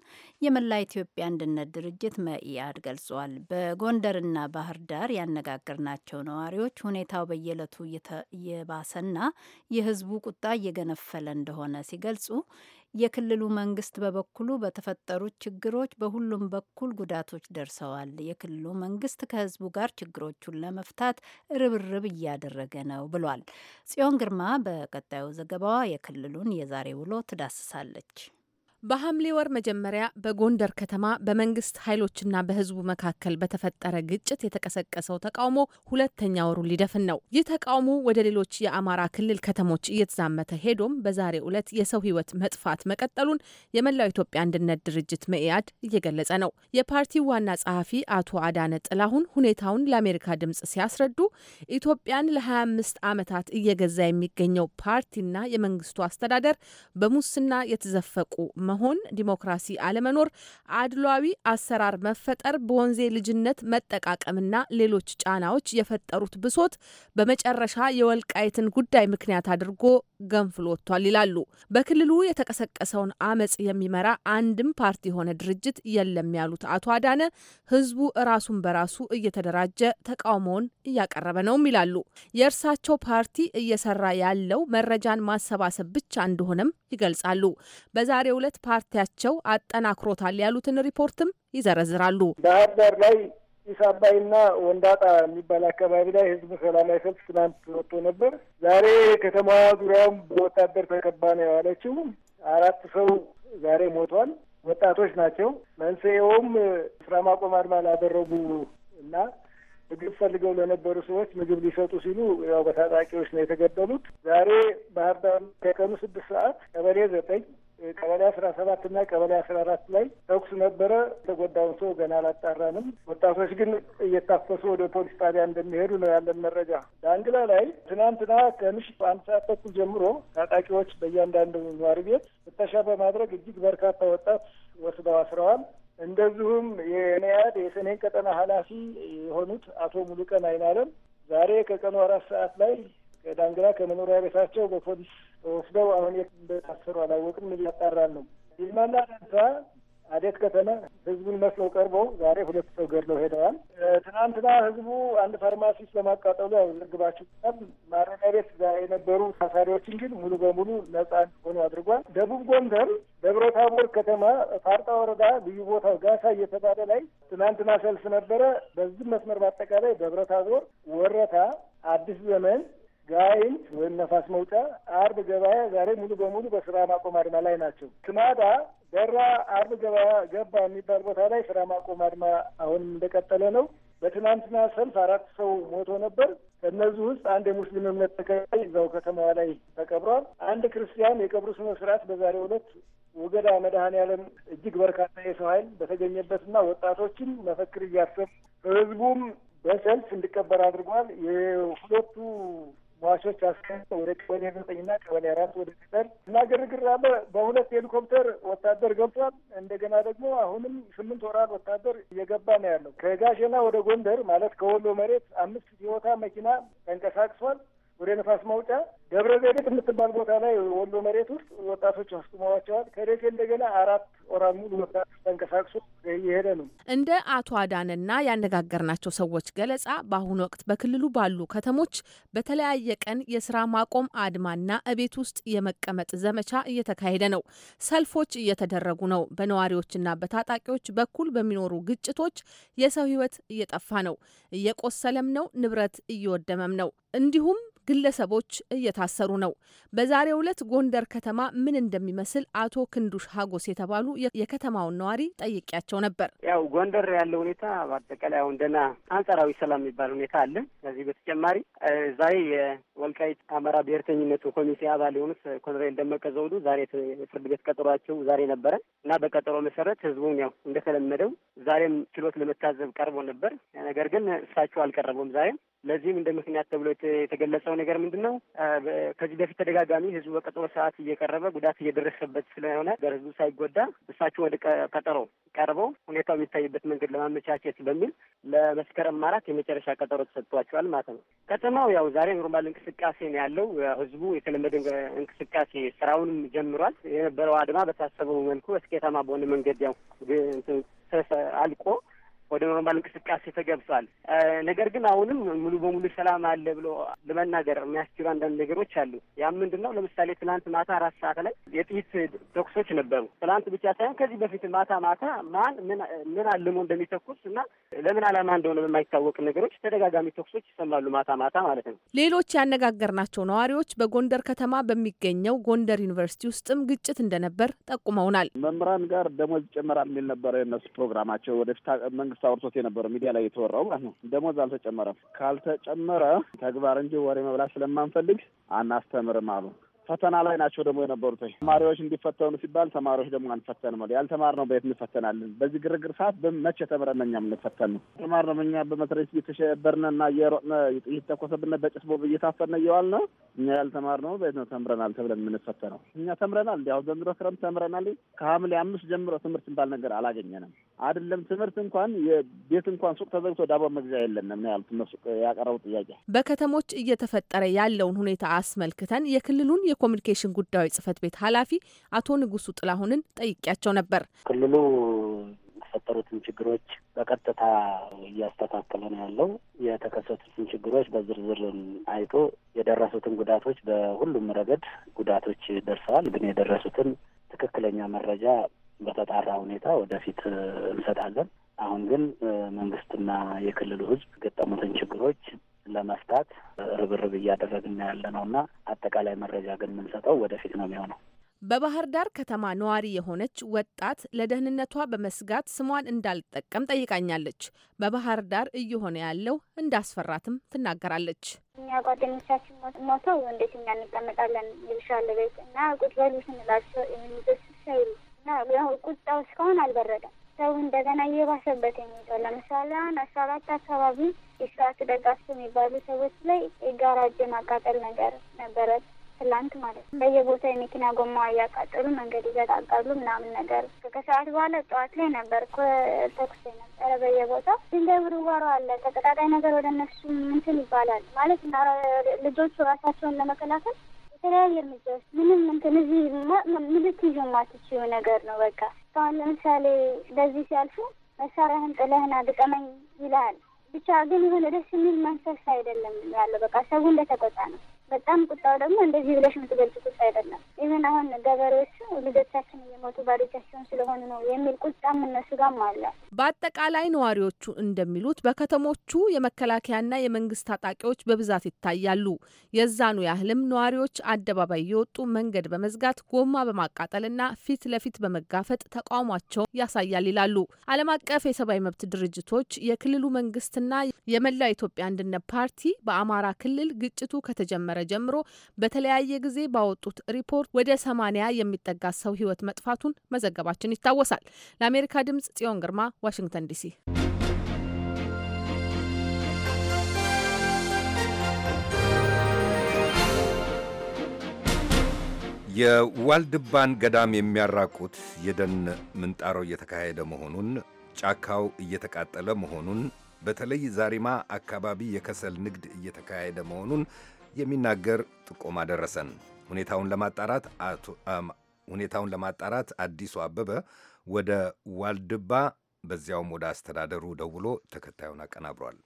የመላ ኢትዮጵያ አንድነት ድርጅት መኢአድ ገልጿል። በጎንደርና ባህር ዳር ያነጋገርናቸው ነዋሪዎች ሁኔታው በየዕለቱ እየባሰና የሕዝቡ ቁጣ እየገነፈለ እንደሆነ ሲገልጹ የክልሉ መንግስት በበኩሉ በተፈጠሩት ችግሮች በሁሉም በኩል ጉዳቶች ደርሰዋል። የክልሉ መንግስት ከህዝቡ ጋር ችግሮቹን ለመፍታት ርብርብ እያደረገ ነው ብሏል። ጽዮን ግርማ በቀጣዩ ዘገባዋ የክልሉን የዛሬ ውሎ ትዳስሳለች። በሐምሌ ወር መጀመሪያ በጎንደር ከተማ በመንግስት ኃይሎችና በህዝቡ መካከል በተፈጠረ ግጭት የተቀሰቀሰው ተቃውሞ ሁለተኛ ወሩን ሊደፍን ነው። ይህ ተቃውሞ ወደ ሌሎች የአማራ ክልል ከተሞች እየተዛመተ ሄዶም በዛሬ ዕለት የሰው ህይወት መጥፋት መቀጠሉን የመላው ኢትዮጵያ አንድነት ድርጅት መኢአድ እየገለጸ ነው። የፓርቲው ዋና ጸሐፊ አቶ አዳነ ጥላሁን ሁኔታውን ለአሜሪካ ድምጽ ሲያስረዱ ኢትዮጵያን ለ25 ዓመታት እየገዛ የሚገኘው ፓርቲና የመንግስቱ አስተዳደር በሙስና የተዘፈቁ መሆን፣ ዲሞክራሲ አለመኖር፣ አድሏዊ አሰራር መፈጠር፣ በወንዜ ልጅነት መጠቃቀምና ሌሎች ጫናዎች የፈጠሩት ብሶት በመጨረሻ የወልቃይትን ጉዳይ ምክንያት አድርጎ ገንፍሎ ወጥቷል ይላሉ። በክልሉ የተቀሰቀሰውን አመጽ የሚመራ አንድም ፓርቲ የሆነ ድርጅት የለም ያሉት አቶ አዳነ ህዝቡ ራሱን በራሱ እየተደራጀ ተቃውሞውን እያቀረበ ነውም ይላሉ። የእርሳቸው ፓርቲ እየሰራ ያለው መረጃን ማሰባሰብ ብቻ እንደሆነም ይገልጻሉ። በዛሬው ዕለት ጥረት ፓርቲያቸው አጠናክሮታል ያሉትን ሪፖርትም ይዘረዝራሉ። ባህር ዳር ላይ ጢስ አባይና ወንዳጣ የሚባል አካባቢ ላይ ህዝብ ሰላማዊ ሰልፍ ትናንት ወጥቶ ነበር። ዛሬ ከተማዋ ዙሪያውም በወታደር ተከባ ነው የዋለችው። አራት ሰው ዛሬ ሞቷል። ወጣቶች ናቸው። መንስኤውም ስራ ማቆም አድማ ላደረጉ እና ምግብ ፈልገው ለነበሩ ሰዎች ምግብ ሊሰጡ ሲሉ ያው በታጣቂዎች ነው የተገደሉት። ዛሬ ባህር ዳር ከቀኑ ስድስት ሰዓት ቀበሌ ዘጠኝ ቀበሌ አስራ ሰባት እና ቀበሌ አስራ አራት ላይ ተኩስ ነበረ። የተጎዳውን ሰው ገና አላጣራንም። ወጣቶች ግን እየታፈሱ ወደ ፖሊስ ጣቢያ እንደሚሄዱ ነው ያለን መረጃ። ዳንግላ ላይ ትናንትና ከምሽት አንድ ሰዓት ተኩል ጀምሮ ታጣቂዎች በእያንዳንዱ ኗሪ ቤት ፍተሻ በማድረግ እጅግ በርካታ ወጣት ወስደው አስረዋል። እንደዚሁም የኔያድ የሰሜን ቀጠና ኃላፊ የሆኑት አቶ ሙሉቀን አይናለም ዛሬ ከቀኑ አራት ሰዓት ላይ ዳንግላ ከመኖሪያ ቤታቸው በፖሊስ ወስደው አሁን የት እንደታሰሩ አላወቅም። እያጣራን ነው። ይልማና ደንሳ አዴት ከተማ ህዝቡን መስለው ቀርበው ዛሬ ሁለት ሰው ገድለው ሄደዋል። ትናንትና ህዝቡ አንድ ፋርማሲስ በማቃጠሉ ያው ዘግባችሁታል። ማረሚያ ቤት የነበሩ ታሳሪዎችን ግን ሙሉ በሙሉ ነጻ እንዲሆኑ አድርጓል። ደቡብ ጎንደር ደብረ ታቦር ከተማ ፋርጣ ወረዳ ልዩ ቦታው ጋሳ እየተባለ ላይ ትናንትና ሰልፍ ነበረ። በዚህ መስመር በአጠቃላይ ደብረ ታቦር፣ ወረታ፣ አዲስ ዘመን ጋይንት ወይም ነፋስ መውጫ፣ አርብ ገበያ ዛሬ ሙሉ በሙሉ በስራ ማቆም አድማ ላይ ናቸው። ስማዳ ደራ አርብ ገበያ ገባ የሚባል ቦታ ላይ ስራ ማቆም አድማ አሁንም እንደቀጠለ ነው። በትናንትና ሰልፍ አራት ሰው ሞቶ ነበር። ከእነዚህ ውስጥ አንድ የሙስሊም እምነት ተከታይ እዛው ከተማዋ ላይ ተቀብሯል። አንድ ክርስቲያን የቀብሩ ስነ ስርዓት በዛሬው ዕለት ወገዳ መድኃኔዓለም እጅግ በርካታ የሰው ኃይል በተገኘበትና ወጣቶችን መፈክር እያሰሙ ህዝቡም በሰልፍ እንዲቀበር አድርጓል። የሁለቱ ሟቾች አስከ ወደ ቀበሌ ዘጠኝና ቀበሌ አራት ወደ ቅጠል እና ግርግር አለ። በሁለት ሄሊኮፕተር ወታደር ገብቷል። እንደገና ደግሞ አሁንም ስምንት ወራት ወታደር እየገባ ነው ያለው። ከጋሸና ወደ ጎንደር ማለት ከወሎ መሬት አምስት ሲወታ መኪና ተንቀሳቅሷል። ወደ ነፋስ ማውጫ ደብረ ዘይት የምትባል ቦታ ላይ ወሎ መሬት ውስጥ ወጣቶች አስቁመዋቸዋል። ከደሴ እንደገና አራት ወራት ሙሉ ወጣት ተንቀሳቅሶ እየሄደ ነው። እንደ አቶ አዳንና ያነጋገርናቸው ሰዎች ገለጻ በአሁኑ ወቅት በክልሉ ባሉ ከተሞች በተለያየ ቀን የስራ ማቆም አድማና እቤት ውስጥ የመቀመጥ ዘመቻ እየተካሄደ ነው። ሰልፎች እየተደረጉ ነው። በነዋሪዎችና በታጣቂዎች በኩል በሚኖሩ ግጭቶች የሰው ሕይወት እየጠፋ ነው፣ እየቆሰለም ነው፣ ንብረት እየወደመም ነው። እንዲሁም ግለሰቦች እየታሰሩ ነው። በዛሬው ዕለት ጎንደር ከተማ ምን እንደሚመስል አቶ ክንዱሽ ሀጎስ የተባሉ የከተማውን ነዋሪ ጠይቄያቸው ነበር። ያው ጎንደር ያለው ሁኔታ በአጠቃላይ አሁን ደህና አንጻራዊ ሰላም የሚባል ሁኔታ አለ። ከዚህ በተጨማሪ ዛሬ የወልቃይት አማራ ብሔርተኝነቱ ኮሚቴ አባል የሆኑት ኮሎኔል ደመቀ ዘውዱ ዛሬ ፍርድ ቤት ቀጠሯቸው ዛሬ ነበረ እና በቀጠሮ መሰረት ህዝቡን ያው እንደተለመደው ዛሬም ችሎት ለመታዘብ ቀርቦ ነበር። ነገር ግን እሳቸው አልቀረቡም። ዛሬም ለዚህም እንደ ምክንያት ተብሎ የተገለጸው ነገር ምንድን ነው? ከዚህ በፊት ተደጋጋሚ ህዝቡ በቀጠሮ ሰዓት እየቀረበ ጉዳት እየደረሰበት ስለሆነ በህዝቡ ሳይጎዳ እሳቸው ወደ ቀጠሮ ቀርበው ሁኔታው የሚታይበት መንገድ ለማመቻቸት በሚል ለመስከረም አራት የመጨረሻ ቀጠሮ ተሰጥቷቸዋል ማለት ነው። ከተማው ያው ዛሬ ኖርማል እንቅስቃሴ ነው ያለው። ህዝቡ የተለመደ እንቅስቃሴ ስራውንም ጀምሯል። የነበረው አድማ በታሰበው መልኩ በስኬታማ በሆነ መንገድ ያው አልቆ ወደ ኖርማል እንቅስቃሴ ተገብቷል። ነገር ግን አሁንም ሙሉ በሙሉ ሰላም አለ ብሎ ለመናገር የሚያስችሉ አንዳንድ ነገሮች አሉ። ያም ምንድን ነው? ለምሳሌ ትናንት ማታ አራት ሰዓት ላይ የጥይት ተኩሶች ነበሩ። ትናንት ብቻ ሳይሆን ከዚህ በፊት ማታ ማታ ማን ምን አልሞ እንደሚተኩስ እና ለምን ዓላማ እንደሆነ በማይታወቅ ነገሮች ተደጋጋሚ ተኩሶች ይሰማሉ፣ ማታ ማታ ማለት ነው። ሌሎች ያነጋገርናቸው ነዋሪዎች በጎንደር ከተማ በሚገኘው ጎንደር ዩኒቨርሲቲ ውስጥም ግጭት እንደነበር ጠቁመውናል። መምህራን ጋር ደሞዝ ይጨመራል የሚል ነበረ የነሱ ፕሮግራማቸው ወደፊት መንግስት አውርቶት የነበረው ሚዲያ ላይ የተወራው ማለት ነው። ደሞዝ አልተጨመረም። ካልተጨመረ ተግባር እንጂ ወሬ መብላት ስለማንፈልግ አናስተምርም አሉ። ፈተና ላይ ናቸው ደግሞ የነበሩት ተማሪዎች እንዲፈተኑ ሲባል ተማሪዎች ደግሞ አንፈተንም አሉ። ያልተማርነው በየት እንፈተናለን? በዚህ ግርግር ሰዓት በመቼ ተምረን እኛ የምንፈተን ነው? ተማርነው እኛ በመትረየስ እየተሸበርነ እና እየሮጥነ እየተኮሰብነ በጭስ ቦምብ እየታፈነ እየዋል ነው። እኛ ያልተማርነው በየት ነው ተምረናል ተብለን የምንፈተነው? እኛ ተምረናል። እንዲ አሁን ዘንድሮ ክረምት ተምረናል። ከሐምሌ አምስት ጀምሮ ትምህርት ባል ነገር አላገኘንም። አይደለም ትምህርት እንኳን የቤት እንኳን ሱቅ ተዘግቶ ዳቦ መግዣ የለንም ነው ያሉት እነሱ ያቀረቡ ጥያቄ። በከተሞች እየተፈጠረ ያለውን ሁኔታ አስመልክተን የክልሉን የኮሚኒኬሽን ጉዳዮች ጽህፈት ቤት ኃላፊ አቶ ንጉሱ ጥላሁንን ጠይቂያቸው ነበር። ክልሉ የተፈጠሩትን ችግሮች በቀጥታ እያስተካከለ ነው ያለው። የተከሰቱትን ችግሮች በዝርዝር አይቶ የደረሱትን ጉዳቶች በሁሉም ረገድ ጉዳቶች ደርሰዋል። ግን የደረሱትን ትክክለኛ መረጃ በተጣራ ሁኔታ ወደፊት እንሰጣለን። አሁን ግን መንግስትና የክልሉ ህዝብ የገጠሙትን ችግሮች ለመፍታት ርብርብ እያደረግን ያለ ነው እና አጠቃላይ መረጃ ግን የምንሰጠው ወደፊት ነው የሚሆነው። በባህር ዳር ከተማ ነዋሪ የሆነች ወጣት ለደህንነቷ በመስጋት ስሟን እንዳልጠቀም ጠይቃኛለች። በባህር ዳር እየሆነ ያለው እንዳስፈራትም ትናገራለች። እኛ ጓደኞቻችን ሞተው እንዴት እኛ እንቀመጣለን? ይልሻለ ቤት እና ቁጭ በሉ ስንላቸው የሚዘስሻ ይሉ እና ቁጣው እስካሁን አልበረደም። ሰው እንደገና እየባሰበት የሚሄደው ለምሳሌ አሁን አስራ አራት አካባቢ የስራት ደጋፍ የሚባሉ ሰዎች ላይ የጋራጅ ማቃጠል ነገር ነበረ። ትላንት ማለት ነው። በየቦታ የመኪና ጎማ እያቃጠሉ መንገድ ይዘጋጋሉ ምናምን ነገር። ከሰዓት በኋላ ጠዋት ላይ ነበር ተኩስ ነበረ በየቦታ ድንጋይ ውርዋሮ አለ። ተቀጣጣይ ነገር ወደ እነሱ ምንትን ይባላል ማለት ልጆቹ ራሳቸውን ለመከላከል የተለያየ ምግቦች ምንም እንትን እዚህ ምልት ይዞ ማትችው ነገር ነው። በቃ አሁን ለምሳሌ በዚህ ሲያልፉ መሳሪያህን ጥለህና ግጠመኝ ይልሃል። ብቻ ግን የሆነ ደስ የሚል መንፈስ አይደለም ያለው። በቃ ሰው እንደተቆጣ ነው። በጣም ቁጣው ደግሞ እንደዚህ ብለሽ የምትገልጽ ቁጣ አይደለም። ይህን አሁን ገበሬዎቹ ልጆቻችን እየሞቱ ባዶቻቸውን ስለሆኑ ነው የሚል ቁጣም እነሱ ጋም አለ። በአጠቃላይ ነዋሪዎቹ እንደሚሉት በከተሞቹ የመከላከያና የመንግስት ታጣቂዎች በብዛት ይታያሉ። የዛኑ ያህልም ነዋሪዎች አደባባይ እየወጡ መንገድ በመዝጋት ጎማ በማቃጠልና ፊት ለፊት በመጋፈጥ ተቃውሟቸው ያሳያል ይላሉ። ዓለም አቀፍ የሰብአዊ መብት ድርጅቶች የክልሉ መንግስትና የመላው ኢትዮጵያ አንድነት ፓርቲ በአማራ ክልል ግጭቱ ከተጀመረ ከጀመረ ጀምሮ በተለያየ ጊዜ ባወጡት ሪፖርት ወደ ሰማንያ የሚጠጋ ሰው ህይወት መጥፋቱን መዘገባችን ይታወሳል። ለአሜሪካ ድምጽ ጽዮን ግርማ ዋሽንግተን ዲሲ። የዋልድባን ገዳም የሚያራቁት የደን ምንጣሮ እየተካሄደ መሆኑን ጫካው እየተቃጠለ መሆኑን በተለይ ዛሪማ አካባቢ የከሰል ንግድ እየተካሄደ መሆኑን የሚናገር ጥቆማ ደረሰን። ሁኔታውን ለማጣራት ሁኔታውን ለማጣራት አዲሱ አበበ ወደ ዋልድባ በዚያውም ወደ አስተዳደሩ ደውሎ ተከታዩን አቀናብሯል።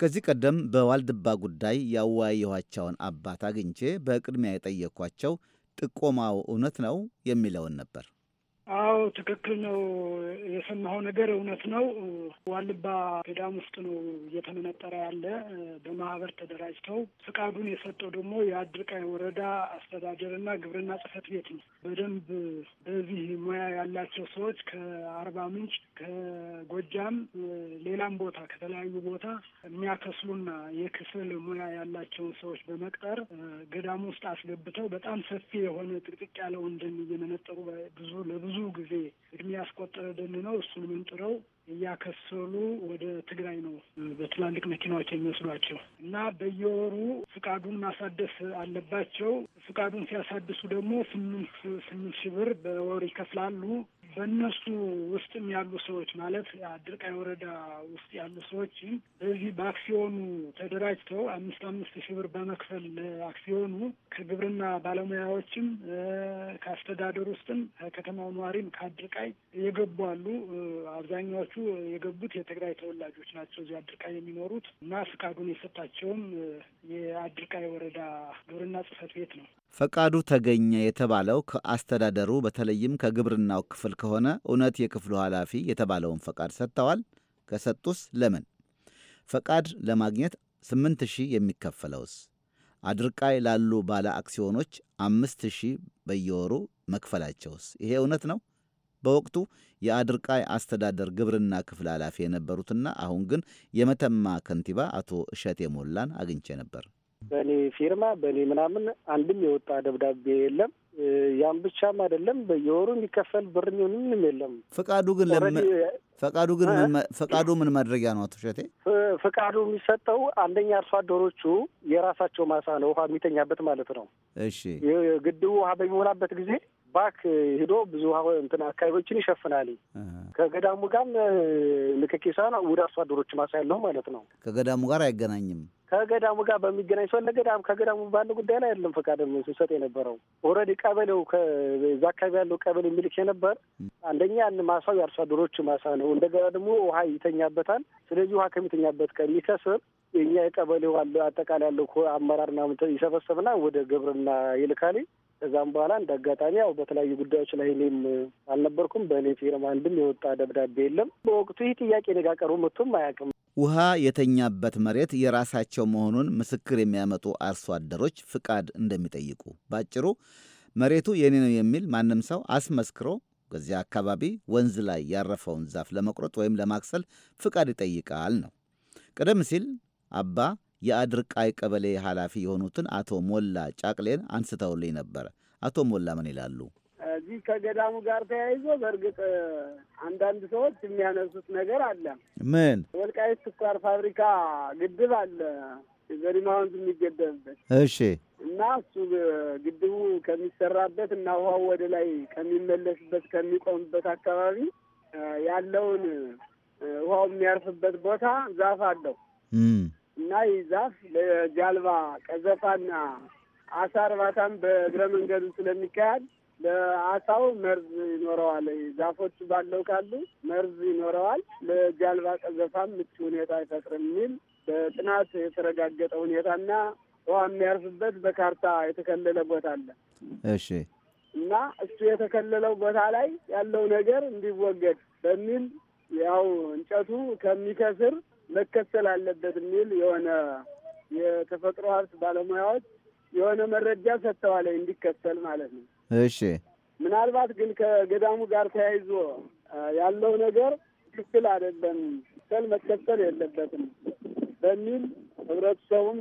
ከዚህ ቀደም በዋልድባ ጉዳይ ያወያየኋቸውን አባት አግኝቼ በቅድሚያ የጠየኳቸው ጥቆማው እውነት ነው የሚለውን ነበር። አዎ ትክክል ነው። የሰማኸው ነገር እውነት ነው። ዋልባ ገዳም ውስጥ ነው እየተመነጠረ ያለ። በማህበር ተደራጅተው ፍቃዱን የሰጠው ደግሞ የአድርቃይ ወረዳ አስተዳደርና ግብርና ጽሕፈት ቤት ነው። በደንብ በዚህ ሙያ ያላቸው ሰዎች ከአርባ ምንጭ፣ ከጎጃም፣ ሌላም ቦታ ከተለያዩ ቦታ የሚያከስሉና የክፍል ሙያ ያላቸውን ሰዎች በመቅጠር ገዳሙ ውስጥ አስገብተው በጣም ሰፊ የሆነ ጥቅጥቅ ያለው እንደን እየመነጠሩ ብዙ ለብዙ ጊዜ እድሜ ደን ነው። እሱን ምንጥረው እያከሰሉ ወደ ትግራይ ነው በትላልቅ መኪናዎች የሚወስዷቸው እና በየወሩ ፍቃዱን ማሳደስ አለባቸው። ፍቃዱን ሲያሳድሱ ደግሞ ስምንት ስምንት ሺህ ብር በወር ይከፍላሉ። በእነሱ ውስጥም ያሉ ሰዎች ማለት አድርቃይ ወረዳ ውስጥ ያሉ ሰዎችም በዚህ በአክሲዮኑ ተደራጅተው አምስት አምስት ሺህ ብር በመክፈል ለአክሲዮኑ ከግብርና ባለሙያዎችም ከአስተዳደር ውስጥም ከከተማው ነዋሪም ከአድርቃይ የገቡ አሉ። አብዛኛዎቹ የገቡት የትግራይ ተወላጆች ናቸው እዚህ አድርቃይ የሚኖሩት እና ፍቃዱን የሰጣቸውም የአድርቃይ ወረዳ ግብርና ጽሕፈት ቤት ነው። ፈቃዱ ተገኘ የተባለው ከአስተዳደሩ በተለይም ከግብርናው ክፍል ከሆነ እውነት የክፍሉ ኃላፊ የተባለውን ፈቃድ ሰጥተዋል? ከሰጡስ ለምን? ፈቃድ ለማግኘት 8000 የሚከፈለውስ? አድርቃይ ላሉ ባለ አክሲዮኖች 5000 በየወሩ መክፈላቸውስ ይሄ እውነት ነው? በወቅቱ የአድርቃይ አስተዳደር ግብርና ክፍል ኃላፊ የነበሩትና አሁን ግን የመተማ ከንቲባ አቶ እሸቴ ሞላን አግኝቼ ነበር። በእኔ ፊርማ በእኔ ምናምን አንድም የወጣ ደብዳቤ የለም። ያም ብቻም አይደለም በየወሩ የሚከፈል ብር ምንም የለም። ፈቃዱ ግን ፈቃዱ ግን ፈቃዱ ምን ማድረጊያ ነው? አቶ ሸቴ ፈቃዱ የሚሰጠው አንደኛ አርሶ አደሮቹ የራሳቸው ማሳ ነው፣ ውሃ የሚተኛበት ማለት ነው። እሺ ግድቡ ውሃ በሚሞላበት ጊዜ ባክ ሂዶ ብዙ እንትን አካባቢዎችን ይሸፍናል። ከገዳሙ ጋር ንክኪ ሳይሆን ወደ አርሶ አደሮች ማሳ ያለው ማለት ነው። ከገዳሙ ጋር አይገናኝም። ከገዳሙ ጋር በሚገናኝ ሰው ለገዳም ከገዳሙ ባለ ጉዳይ ላይ አይደለም ፈቃድ ስሰጥ የነበረው ኦልሬዲ ቀበሌው ከዛ አካባቢ ያለው ቀበሌ የሚልክ የነበር አንደኛ ያን ማሳው የአርሶ አደሮች ማሳ ነው። እንደገና ደግሞ ውሃ ይተኛበታል። ስለዚህ ውሃ ከሚተኛበት ከሚከስር የኛ የቀበሌው አጠቃላይ ያለው አመራር ምናምን ይሰበሰብና ወደ ግብርና ይልካል። ከዛም በኋላ እንደ አጋጣሚ ያው በተለያዩ ጉዳዮች ላይ እኔም አልነበርኩም። በእኔ ፊርም አንድም የወጣ ደብዳቤ የለም። በወቅቱ ይህ ጥያቄ እኔ ጋ አያውቅም። ውሃ የተኛበት መሬት የራሳቸው መሆኑን ምስክር የሚያመጡ አርሶ አደሮች ፍቃድ እንደሚጠይቁ በአጭሩ መሬቱ የኔ ነው የሚል ማንም ሰው አስመስክሮ በዚያ አካባቢ ወንዝ ላይ ያረፈውን ዛፍ ለመቁረጥ ወይም ለማክሰል ፍቃድ ይጠይቃል ነው። ቀደም ሲል አባ የአድርቃይ ቀበሌ ኃላፊ የሆኑትን አቶ ሞላ ጫቅሌን አንስተውልኝ ነበር አቶ ሞላ ምን ይላሉ? እዚህ ከገዳሙ ጋር ተያይዞ በእርግጥ አንዳንድ ሰዎች የሚያነሱት ነገር አለ። ምን ወልቃይት ስኳር ፋብሪካ ግድብ አለ የዘሪማ የሚገደብበት። እሺ። እና እሱ ግድቡ ከሚሰራበት እና ውሃው ወደ ላይ ከሚመለስበት ከሚቆምበት አካባቢ ያለውን ውሃው የሚያርፍበት ቦታ ዛፍ አለው። እና ይህ ዛፍ ለጃልባ ቀዘፋና አሳ እርባታም በእግረ መንገዱ ስለሚካሄድ ለአሳው መርዝ ይኖረዋል። ዛፎቹ ባለው ካሉ መርዝ ይኖረዋል። ለጃልባ ቀዘፋም ምቹ ሁኔታ አይፈጥርም የሚል በጥናት የተረጋገጠ ሁኔታና ውሃ የሚያርፍበት በካርታ የተከለለ ቦታ አለ። እሺ። እና እሱ የተከለለው ቦታ ላይ ያለው ነገር እንዲወገድ በሚል ያው እንጨቱ ከሚከስር መከሰል አለበት የሚል የሆነ የተፈጥሮ ሀብት ባለሙያዎች የሆነ መረጃ ሰጥተዋል፣ እንዲከሰል ማለት ነው። እሺ ምናልባት ግን ከገዳሙ ጋር ተያይዞ ያለው ነገር ትክክል አይደለም፣ ሰል መከሰል የለበትም በሚል ህብረተሰቡም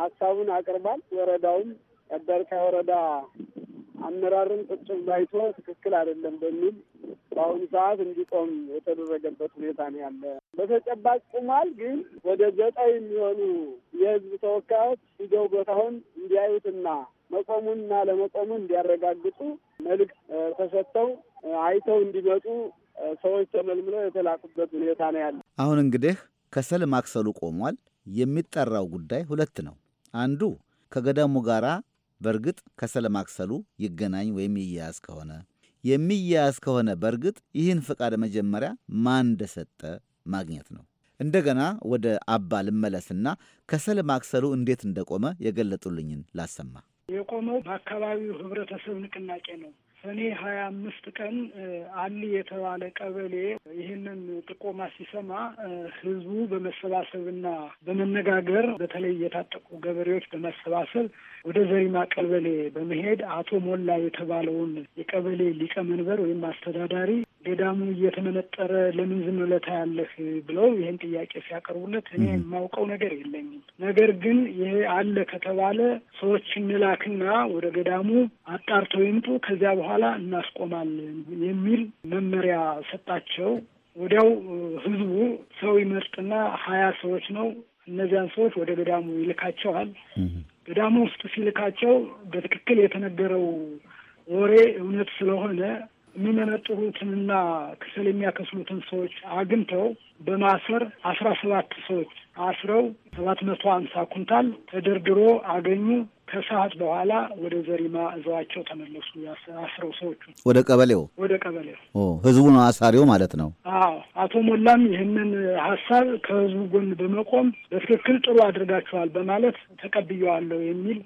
ሀሳቡን አቅርቧል። ወረዳውም የአዳርቃ ወረዳ አመራርን ቁጭ ባይቶ ትክክል አይደለም በሚል በአሁኑ ሰዓት እንዲቆም የተደረገበት ሁኔታ ነው ያለ። በተጨባጭ ቁሟል። ግን ወደ ዘጠኝ የሚሆኑ የህዝብ ተወካዮች ሂደው ቦታውን እንዲያዩትና መቆሙንና ለመቆሙ እንዲያረጋግጡ መልክት ተሰጥተው አይተው እንዲመጡ ሰዎች ተመልምለው የተላኩበት ሁኔታ ነው ያለ። አሁን እንግዲህ ከሰል ማክሰሉ ቆሟል። የሚጠራው ጉዳይ ሁለት ነው። አንዱ ከገዳሙ ጋራ በእርግጥ ከሰል ማክሰሉ ይገናኝ ወይም ይያያዝ ከሆነ የሚያያዝ ከሆነ በእርግጥ ይህን ፈቃድ መጀመሪያ ማን እንደሰጠ ማግኘት ነው። እንደገና ወደ አባ ልመለስና ከሰል ማክሰሉ እንዴት እንደቆመ የገለጡልኝን ላሰማ። የቆመው በአካባቢው ህብረተሰብ ንቅናቄ ነው። ሰኔ ሀያ አምስት ቀን አሊ የተባለ ቀበሌ ይህንን ጥቆማ ሲሰማ ህዝቡ በመሰባሰብና በመነጋገር በተለይ የታጠቁ ገበሬዎች በመሰባሰብ ወደ ዘሪማ ቀበሌ በመሄድ አቶ ሞላ የተባለውን የቀበሌ ሊቀመንበር ወይም አስተዳዳሪ ገዳሙ እየተመነጠረ ለምን ዝም ብለህ ታያለህ ብለው ይህን ጥያቄ ሲያቀርቡለት እኔ የማውቀው ነገር የለኝም። ነገር ግን ይሄ አለ ከተባለ ሰዎች እንላክና ወደ ገዳሙ አጣርተው ይምጡ፣ ከዚያ በኋላ እናስቆማለን የሚል መመሪያ ሰጣቸው። ወዲያው ህዝቡ ሰው ይመርጥና ሀያ ሰዎች ነው። እነዚያን ሰዎች ወደ ገዳሙ ይልካቸዋል። ገዳሙ ውስጥ ሲልካቸው በትክክል የተነገረው ወሬ እውነት ስለሆነ የሚመነጥሩትንና ክሰል የሚያከስሉትን ሰዎች አግኝተው በማሰር አስራ ሰባት ሰዎች አስረው ሰባት መቶ ሀምሳ ኩንታል ተደርድሮ አገኙ። ከሰዓት በኋላ ወደ ዘሪማ እዘዋቸው ተመለሱ። አስረው ሰዎቹ ወደ ቀበሌው ወደ ቀበሌው ህዝቡ ነው አሳሪው ማለት ነው። አዎ አቶ ሞላም ይህንን ሀሳብ ከህዝቡ ጎን በመቆም በትክክል ጥሩ አድርጋችኋል በማለት ተቀብየዋለሁ የሚል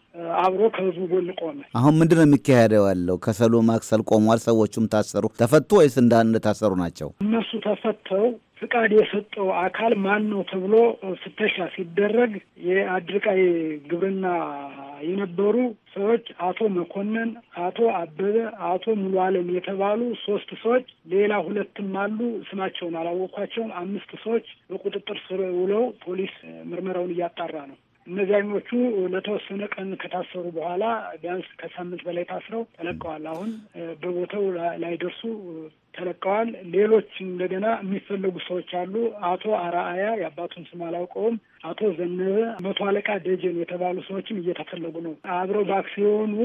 አብሮ ከህዝቡ ጎን ቆመ። አሁን ምንድን ነው የሚካሄደው ያለው? ከሰሉ ማክሰል ቆሟል። ሰዎቹም ታሰሩ ተፈቱ ወይስ እንዳንድ ታሰሩ ናቸው? እነሱ ተፈተው ፍቃድ የሰጠው አካል ማን ነው ተብሎ ፍተሻ ሲደረግ የአድርቃይ ግብርና የነበሩ ሰዎች አቶ መኮንን፣ አቶ አበበ፣ አቶ ሙሉ አለም የተባሉ ሶስት ሰዎች ሌላ ሁለትም አሉ ስማቸውን አላወቅኳቸውም። አምስት ሰዎች በቁጥጥር ስር ውለው ፖሊስ ምርመራውን እያጣራ ነው። እነዚያኞቹ ለተወሰነ ቀን ከታሰሩ በኋላ ቢያንስ ከሳምንት በላይ ታስረው ተለቀዋል። አሁን በቦታው ላይደርሱ ተለቀዋል። ሌሎች እንደገና የሚፈለጉ ሰዎች አሉ። አቶ አራአያ የአባቱን ስም አላውቀውም፣ አቶ ዘነበ፣ መቶ አለቃ ደጀን የተባሉ ሰዎችም እየተፈለጉ ነው። አብረው በአክሲዮኑ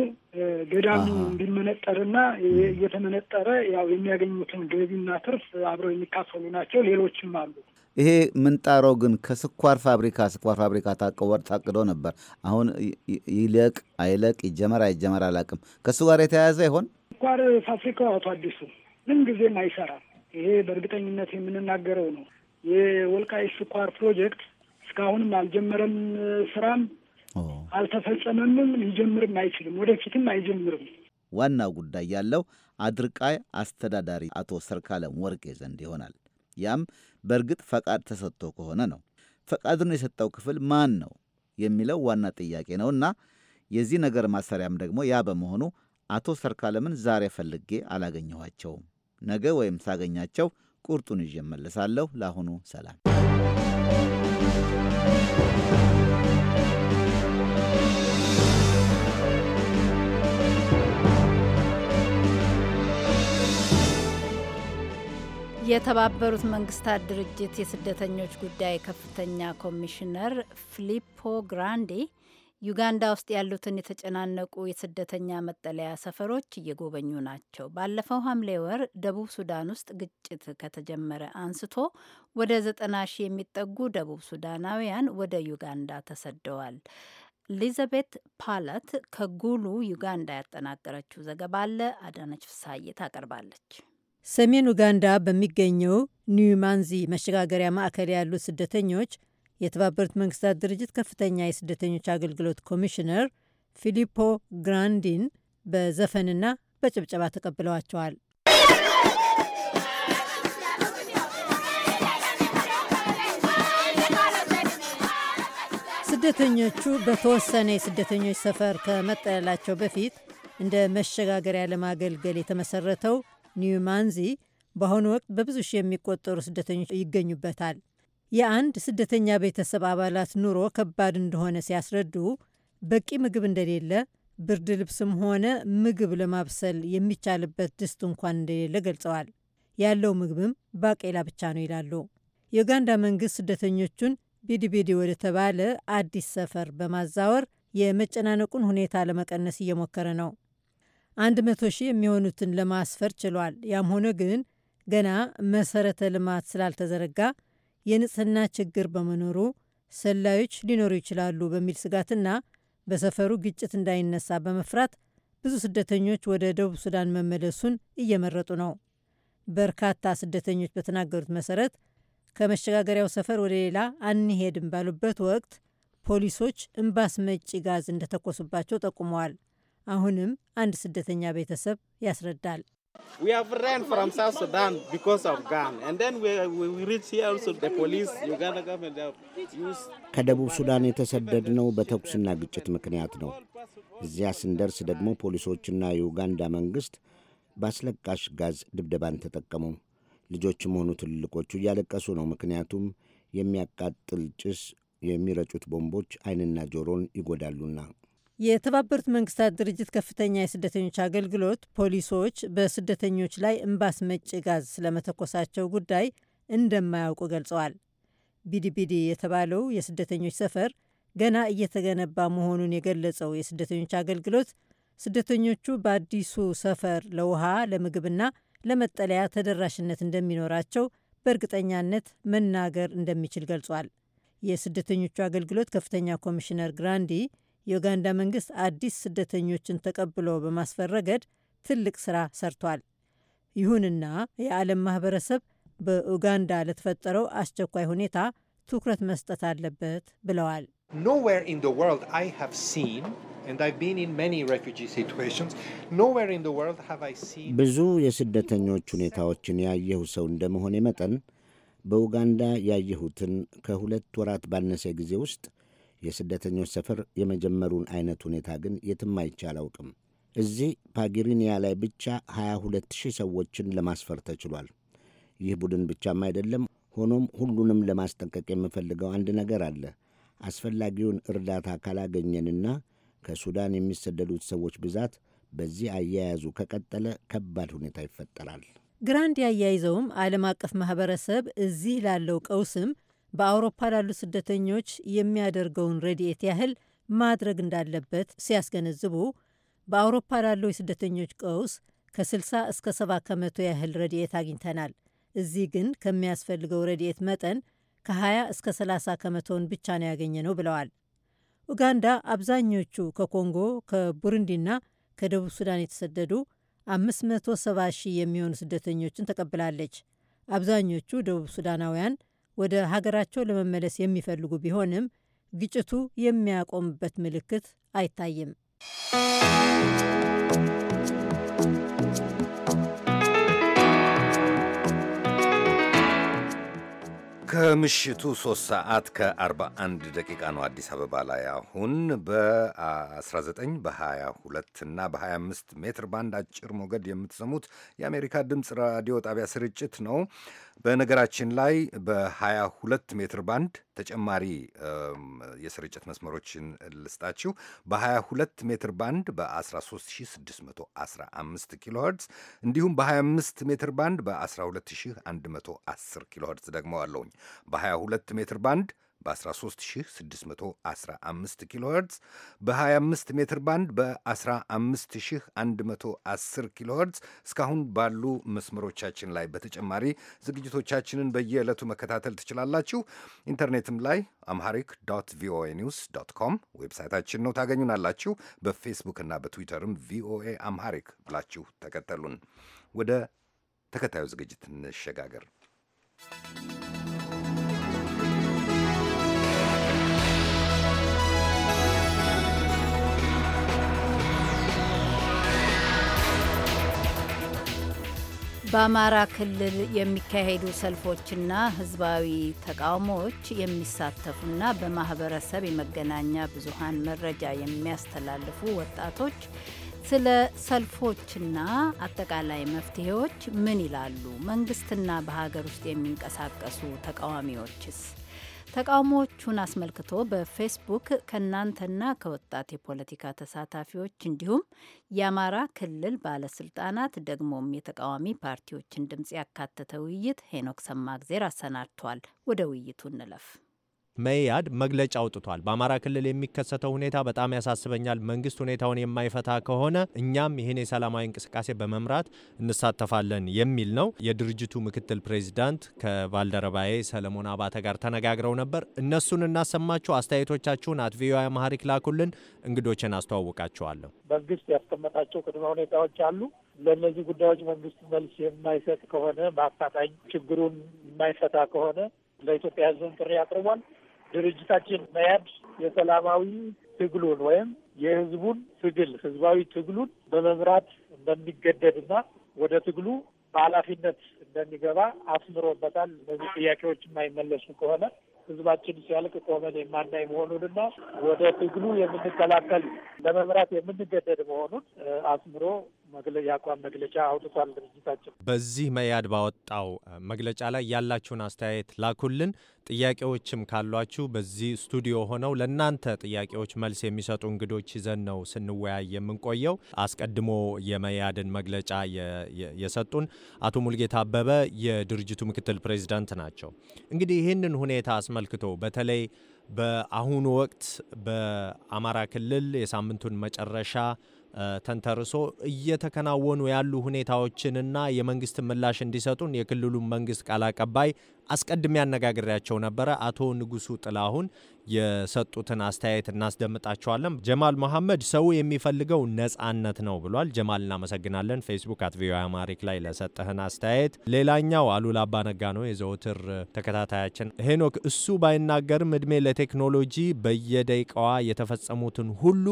ገዳሙ እንዲመነጠርና እየተመነጠረ ያው የሚያገኙትን ገቢና ትርፍ አብረው የሚካፈሉ ናቸው። ሌሎችም አሉ። ይሄ ምንጣሮ ግን ከስኳር ፋብሪካ ስኳር ፋብሪካ ታቀወር ታቅዶ ነበር። አሁን ይለቅ አይለቅ ይጀመር አይጀመር አላቅም። ከእሱ ጋር የተያያዘ ይሆን ስኳር ፋብሪካው አቶ አዲሱ ምን ጊዜም አይሰራም። ይሄ በእርግጠኝነት የምንናገረው ነው። የወልቃይ ስኳር ፕሮጀክት እስካሁንም አልጀመረም፣ ስራም አልተፈጸመምም፣ ሊጀምርም አይችልም፣ ወደፊትም አይጀምርም። ዋናው ጉዳይ ያለው አድርቃይ አስተዳዳሪ አቶ ሰርካለም ወርቄ ዘንድ ይሆናል። ያም በእርግጥ ፈቃድ ተሰጥቶ ከሆነ ነው። ፈቃድን የሰጠው ክፍል ማን ነው የሚለው ዋና ጥያቄ እና የዚህ ነገር ማሰሪያም ደግሞ ያ በመሆኑ አቶ ሰርካለምን ዛሬ ፈልጌ አላገኘኋቸውም። ነገ ወይም ሳገኛቸው ቁርጡን ይዤ እመለሳለሁ። ለአሁኑ ሰላም። የተባበሩት መንግስታት ድርጅት የስደተኞች ጉዳይ ከፍተኛ ኮሚሽነር ፊሊፖ ግራንዴ ዩጋንዳ ውስጥ ያሉትን የተጨናነቁ የስደተኛ መጠለያ ሰፈሮች እየጎበኙ ናቸው። ባለፈው ሐምሌ ወር ደቡብ ሱዳን ውስጥ ግጭት ከተጀመረ አንስቶ ወደ ዘጠና ሺህ የሚጠጉ ደቡብ ሱዳናውያን ወደ ዩጋንዳ ተሰደዋል። ኤሊዛቤት ፓላት ከጉሉ ዩጋንዳ ያጠናቀረችው ዘገባ አለ። አዳነች ፍሳዬ ታቀርባለች። ሰሜን ኡጋንዳ በሚገኘው ኒውማንዚ መሸጋገሪያ ማዕከል ያሉት ስደተኞች የተባበሩት መንግስታት ድርጅት ከፍተኛ የስደተኞች አገልግሎት ኮሚሽነር ፊሊፖ ግራንዲን በዘፈንና በጭብጨባ ተቀብለዋቸዋል። ስደተኞቹ በተወሰነ የስደተኞች ሰፈር ከመጠለላቸው በፊት እንደ መሸጋገሪያ ለማገልገል የተመሰረተው ኒውማንዚ በአሁኑ ወቅት በብዙ ሺህ የሚቆጠሩ ስደተኞች ይገኙበታል። የአንድ ስደተኛ ቤተሰብ አባላት ኑሮ ከባድ እንደሆነ ሲያስረዱ በቂ ምግብ እንደሌለ፣ ብርድ ልብስም ሆነ ምግብ ለማብሰል የሚቻልበት ድስት እንኳን እንደሌለ ገልጸዋል። ያለው ምግብም ባቄላ ብቻ ነው ይላሉ። የኡጋንዳ መንግስት ስደተኞቹን ቢዲቢዲ ወደ ተባለ አዲስ ሰፈር በማዛወር የመጨናነቁን ሁኔታ ለመቀነስ እየሞከረ ነው። አንድ መቶ ሺህ የሚሆኑትን ለማስፈር ችሏል። ያም ሆነ ግን ገና መሰረተ ልማት ስላልተዘረጋ የንጽህና ችግር በመኖሩ ሰላዮች ሊኖሩ ይችላሉ በሚል ስጋትና በሰፈሩ ግጭት እንዳይነሳ በመፍራት ብዙ ስደተኞች ወደ ደቡብ ሱዳን መመለሱን እየመረጡ ነው። በርካታ ስደተኞች በተናገሩት መሰረት ከመሸጋገሪያው ሰፈር ወደ ሌላ አንሄድም ባሉበት ወቅት ፖሊሶች እምባስ መጪ ጋዝ እንደተኮሱባቸው ጠቁመዋል። አሁንም አንድ ስደተኛ ቤተሰብ ያስረዳል። We have ran from South Sudan because of gun. And then we, we reach here also the police, Uganda government use ከደቡብ ሱዳን የተሰደድነው በተኩስና ግጭት ምክንያት ነው። እዚያ ስንደርስ ደግሞ ፖሊሶችና የኡጋንዳ መንግሥት በአስለቃሽ ጋዝ ድብደባን ተጠቀሙ። ልጆችም ሆኑ ትልልቆቹ እያለቀሱ ነው። ምክንያቱም የሚያቃጥል ጭስ የሚረጩት ቦምቦች ዓይንና ጆሮን ይጎዳሉና። የተባበሩት መንግስታት ድርጅት ከፍተኛ የስደተኞች አገልግሎት ፖሊሶች በስደተኞች ላይ እምባስ መጪ ጋዝ ስለመተኮሳቸው ጉዳይ እንደማያውቁ ገልጸዋል። ቢዲቢዲ የተባለው የስደተኞች ሰፈር ገና እየተገነባ መሆኑን የገለጸው የስደተኞች አገልግሎት ስደተኞቹ በአዲሱ ሰፈር ለውሃ ለምግብና ለመጠለያ ተደራሽነት እንደሚኖራቸው በእርግጠኛነት መናገር እንደሚችል ገልጿል። የስደተኞቹ አገልግሎት ከፍተኛ ኮሚሽነር ግራንዲ የኡጋንዳ መንግስት አዲስ ስደተኞችን ተቀብሎ በማስፈር ረገድ ትልቅ ስራ ሰርቷል። ይሁንና የዓለም ማህበረሰብ በኡጋንዳ ለተፈጠረው አስቸኳይ ሁኔታ ትኩረት መስጠት አለበት ብለዋል። ብዙ የስደተኞች ሁኔታዎችን ያየሁ ሰው እንደመሆኔ መጠን በኡጋንዳ ያየሁትን ከሁለት ወራት ባነሰ ጊዜ ውስጥ የስደተኞች ሰፈር የመጀመሩን አይነት ሁኔታ ግን የትም አይቼ አላውቅም። እዚህ ፓጊሪኒያ ላይ ብቻ 22 ሰዎችን ለማስፈር ተችሏል። ይህ ቡድን ብቻም አይደለም። ሆኖም ሁሉንም ለማስጠንቀቅ የምፈልገው አንድ ነገር አለ። አስፈላጊውን እርዳታ ካላገኘንና ከሱዳን የሚሰደዱት ሰዎች ብዛት በዚህ አያያዙ ከቀጠለ ከባድ ሁኔታ ይፈጠራል። ግራንድ ያያይዘውም ዓለም አቀፍ ማኅበረሰብ እዚህ ላለው ቀውስም በአውሮፓ ላሉ ስደተኞች የሚያደርገውን ረድኤት ያህል ማድረግ እንዳለበት ሲያስገነዝቡ በአውሮፓ ላለው የስደተኞች ቀውስ ከ60 እስከ 70 ከመቶ ያህል ረድኤት አግኝተናል። እዚህ ግን ከሚያስፈልገው ረድኤት መጠን ከ20 እስከ 30 ከመቶውን ብቻ ነው ያገኘ ነው ብለዋል። ኡጋንዳ አብዛኞቹ ከኮንጎ ከቡሩንዲና ከደቡብ ሱዳን የተሰደዱ 570 ሺህ የሚሆኑ ስደተኞችን ተቀብላለች። አብዛኞቹ ደቡብ ሱዳናውያን ወደ ሀገራቸው ለመመለስ የሚፈልጉ ቢሆንም ግጭቱ የሚያቆምበት ምልክት አይታይም። ከምሽቱ 3 ሰዓት ከ41 ደቂቃ ነው አዲስ አበባ ላይ። አሁን በ19 በ22 እና በ25 ሜትር ባንድ አጭር ሞገድ የምትሰሙት የአሜሪካ ድምፅ ራዲዮ ጣቢያ ስርጭት ነው። በነገራችን ላይ በ22 ሜትር ባንድ ተጨማሪ የስርጭት መስመሮችን ልስጣችሁ። በ22 ሜትር ባንድ በ13615 ኪሎ ሄርትዝ እንዲሁም በ25 ሜትር ባንድ በ12110 ኪሎ ሄርትዝ ደግሞ አለውኝ በ22 ሜትር ባንድ በ13615 ኪሎ ሄርትዝ በ25 ሜትር ባንድ በ15110 ኪሎ ሄርትዝ እስካሁን ባሉ መስመሮቻችን ላይ በተጨማሪ ዝግጅቶቻችንን በየዕለቱ መከታተል ትችላላችሁ። ኢንተርኔትም ላይ አምሃሪክ ዶት ቪኦኤ ኒውስ ዶት ኮም ዌብሳይታችን ነው፣ ታገኙናላችሁ። በፌስቡክ እና በትዊተርም ቪኦኤ አምሃሪክ ብላችሁ ተከተሉን። ወደ ተከታዩ ዝግጅት እንሸጋገር። በአማራ ክልል የሚካሄዱ ሰልፎችና ህዝባዊ ተቃውሞዎች የሚሳተፉና በማህበረሰብ የመገናኛ ብዙሃን መረጃ የሚያስተላልፉ ወጣቶች ስለ ሰልፎችና አጠቃላይ መፍትሄዎች ምን ይላሉ? መንግስትና በሀገር ውስጥ የሚንቀሳቀሱ ተቃዋሚዎችስ ተቃውሞዎቹን አስመልክቶ በፌስቡክ ከእናንተና ከወጣት የፖለቲካ ተሳታፊዎች እንዲሁም የአማራ ክልል ባለስልጣናት ደግሞም የተቃዋሚ ፓርቲዎችን ድምፅ ያካተተ ውይይት ሄኖክ ሰማግዜር አሰናድቷል። ወደ ውይይቱ እንለፍ። መኢአድ መግለጫ አውጥቷል። በአማራ ክልል የሚከሰተው ሁኔታ በጣም ያሳስበኛል። መንግስት ሁኔታውን የማይፈታ ከሆነ እኛም ይህን የሰላማዊ እንቅስቃሴ በመምራት እንሳተፋለን የሚል ነው። የድርጅቱ ምክትል ፕሬዚዳንት ከባልደረባዬ ሰለሞን አባተ ጋር ተነጋግረው ነበር። እነሱን እናሰማችሁ። አስተያየቶቻችሁን አት ቪኦኤ አማሪክ ላኩልን። እንግዶችን አስተዋውቃችኋለሁ። መንግስት ያስቀመጣቸው ቅድመ ሁኔታዎች አሉ። ለእነዚህ ጉዳዮች መንግስት መልስ የማይሰጥ ከሆነ በአፋጣኝ ችግሩን የማይፈታ ከሆነ ለኢትዮጵያ ሕዝብም ጥሪ አቅርቧል። ድርጅታችን መያድ የሰላማዊ ትግሉን ወይም የህዝቡን ትግል ህዝባዊ ትግሉን በመምራት እንደሚገደድና ወደ ትግሉ በኃላፊነት እንደሚገባ አስምሮበታል። እነዚህ ጥያቄዎች የማይመለሱ ከሆነ ህዝባችን ሲያልቅ ቆመን የማናይ መሆኑንና ወደ ትግሉ የምንቀላቀል ለመምራት የምንገደድ መሆኑን አስምሮ የአቋም መግለጫ አውጥቷል ድርጅታችን። በዚህ መያድ ባወጣው መግለጫ ላይ ያላችሁን አስተያየት ላኩልን። ጥያቄዎችም ካሏችሁ በዚህ ስቱዲዮ ሆነው ለእናንተ ጥያቄዎች መልስ የሚሰጡ እንግዶች ይዘን ነው ስንወያይ የምንቆየው። አስቀድሞ የመያድን መግለጫ የሰጡን አቶ ሙልጌታ አበበ የድርጅቱ ምክትል ፕሬዚዳንት ናቸው። እንግዲህ ይህንን ሁኔታ አስመልክቶ በተለይ በአሁኑ ወቅት በአማራ ክልል የሳምንቱን መጨረሻ ተንተርሶ እየተከናወኑ ያሉ ሁኔታዎችንና የመንግስት ምላሽ እንዲሰጡን የክልሉን መንግስት ቃል አቀባይ አስቀድሜ ያነጋግሬያቸው ነበረ። አቶ ንጉሱ ጥላሁን የሰጡትን አስተያየት እናስደምጣቸዋለን። ጀማል መሐመድ ሰው የሚፈልገው ነጻነት ነው ብሏል። ጀማል እናመሰግናለን፣ ፌስቡክ አት ቪኦኤ አማሪክ ላይ ለሰጠህን አስተያየት። ሌላኛው አሉላ አባነጋ ነው የዘወትር ተከታታያችን። ሄኖክ እሱ ባይናገርም እድሜ ለቴክኖሎጂ በየደቂቃዋ የተፈጸሙትን ሁሉ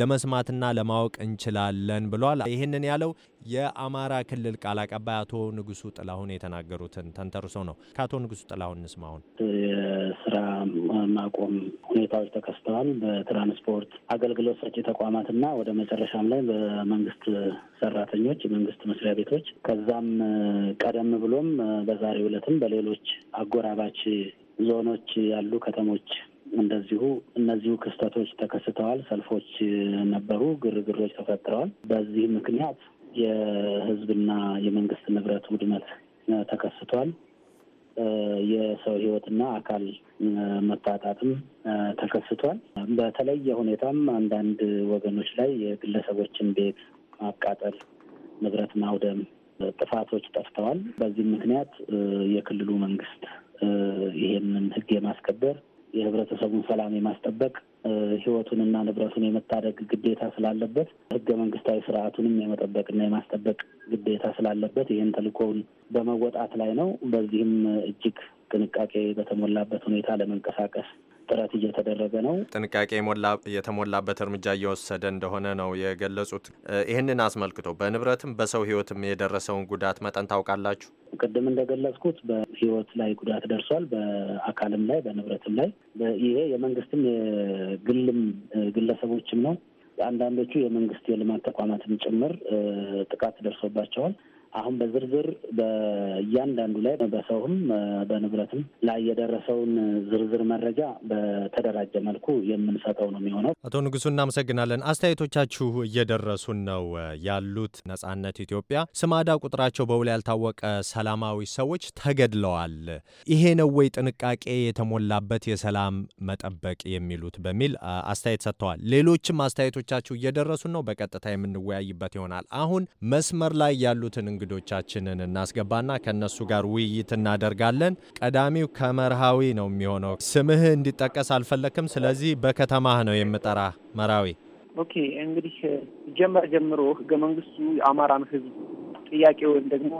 ለመስማትና ለማወቅ እንችላለን ብሏል። ይህንን ያለው የአማራ ክልል ቃል አቀባይ አቶ ንጉሱ ጥላሁን የተናገሩትን ተንተርሶ ነው። ከአቶ ንጉሱ ጥላሁን እንስማውን። የስራ ማቆም ሁኔታዎች ተከስተዋል በትራንስፖርት አገልግሎት ሰጪ ተቋማትና ወደ መጨረሻም ላይ በመንግስት ሰራተኞች፣ የመንግስት መስሪያ ቤቶች ከዛም ቀደም ብሎም በዛሬው ዕለትም በሌሎች አጎራባች ዞኖች ያሉ ከተሞች እንደዚሁ እነዚሁ ክስተቶች ተከስተዋል። ሰልፎች ነበሩ፣ ግርግሮች ተፈጥረዋል። በዚህ ምክንያት የህዝብና የመንግስት ንብረት ውድመት ተከስቷል። የሰው ህይወትና አካል መታጣትም ተከስቷል። በተለየ ሁኔታም አንዳንድ ወገኖች ላይ የግለሰቦችን ቤት ማቃጠል፣ ንብረት ማውደም ጥፋቶች ጠፍተዋል። በዚህም ምክንያት የክልሉ መንግስት ይህንን ህግ የማስከበር የህብረተሰቡን ሰላም የማስጠበቅ ህይወቱንና ንብረቱን የመታደግ ግዴታ ስላለበት ህገ መንግስታዊ ስርዓቱንም የመጠበቅና የማስጠበቅ ግዴታ ስላለበት ይህን ተልእኮውን በመወጣት ላይ ነው። በዚህም እጅግ ጥንቃቄ በተሞላበት ሁኔታ ለመንቀሳቀስ ጥረት እየተደረገ ነው። ጥንቃቄ የተሞላበት እርምጃ እየወሰደ እንደሆነ ነው የገለጹት። ይህንን አስመልክቶ በንብረትም በሰው ህይወትም የደረሰውን ጉዳት መጠን ታውቃላችሁ? ቅድም እንደገለጽኩት በህይወት ላይ ጉዳት ደርሷል። በአካልም ላይ በንብረትም ላይ ይሄ የመንግስትም የግልም ግለሰቦችም ነው። አንዳንዶቹ የመንግስት የልማት ተቋማትም ጭምር ጥቃት ደርሶባቸዋል። አሁን በዝርዝር በእያንዳንዱ ላይ በሰውም በንብረትም ላይ የደረሰውን ዝርዝር መረጃ በተደራጀ መልኩ የምንሰጠው ነው የሚሆነው። አቶ ንጉሱ እናመሰግናለን። አስተያየቶቻችሁ እየደረሱን ነው ያሉት። ነጻነት ኢትዮጵያ ስማዳ ቁጥራቸው በውል ያልታወቀ ሰላማዊ ሰዎች ተገድለዋል። ይሄ ነው ወይ ጥንቃቄ የተሞላበት የሰላም መጠበቅ የሚሉት በሚል አስተያየት ሰጥተዋል። ሌሎችም አስተያየቶቻችሁ እየደረሱን ነው። በቀጥታ የምንወያይበት ይሆናል። አሁን መስመር ላይ ያሉትን እንግዶቻችንን እናስገባና ከእነሱ ጋር ውይይት እናደርጋለን። ቀዳሚው ከመርሃዊ ነው የሚሆነው። ስምህ እንዲጠቀስ አልፈለክም፣ ስለዚህ በከተማህ ነው የምጠራ መራዊ። ኦኬ እንግዲህ ጀመር ጀምሮ ህገ መንግስቱ የአማራን ህዝብ ጥያቄ ወይም ደግሞ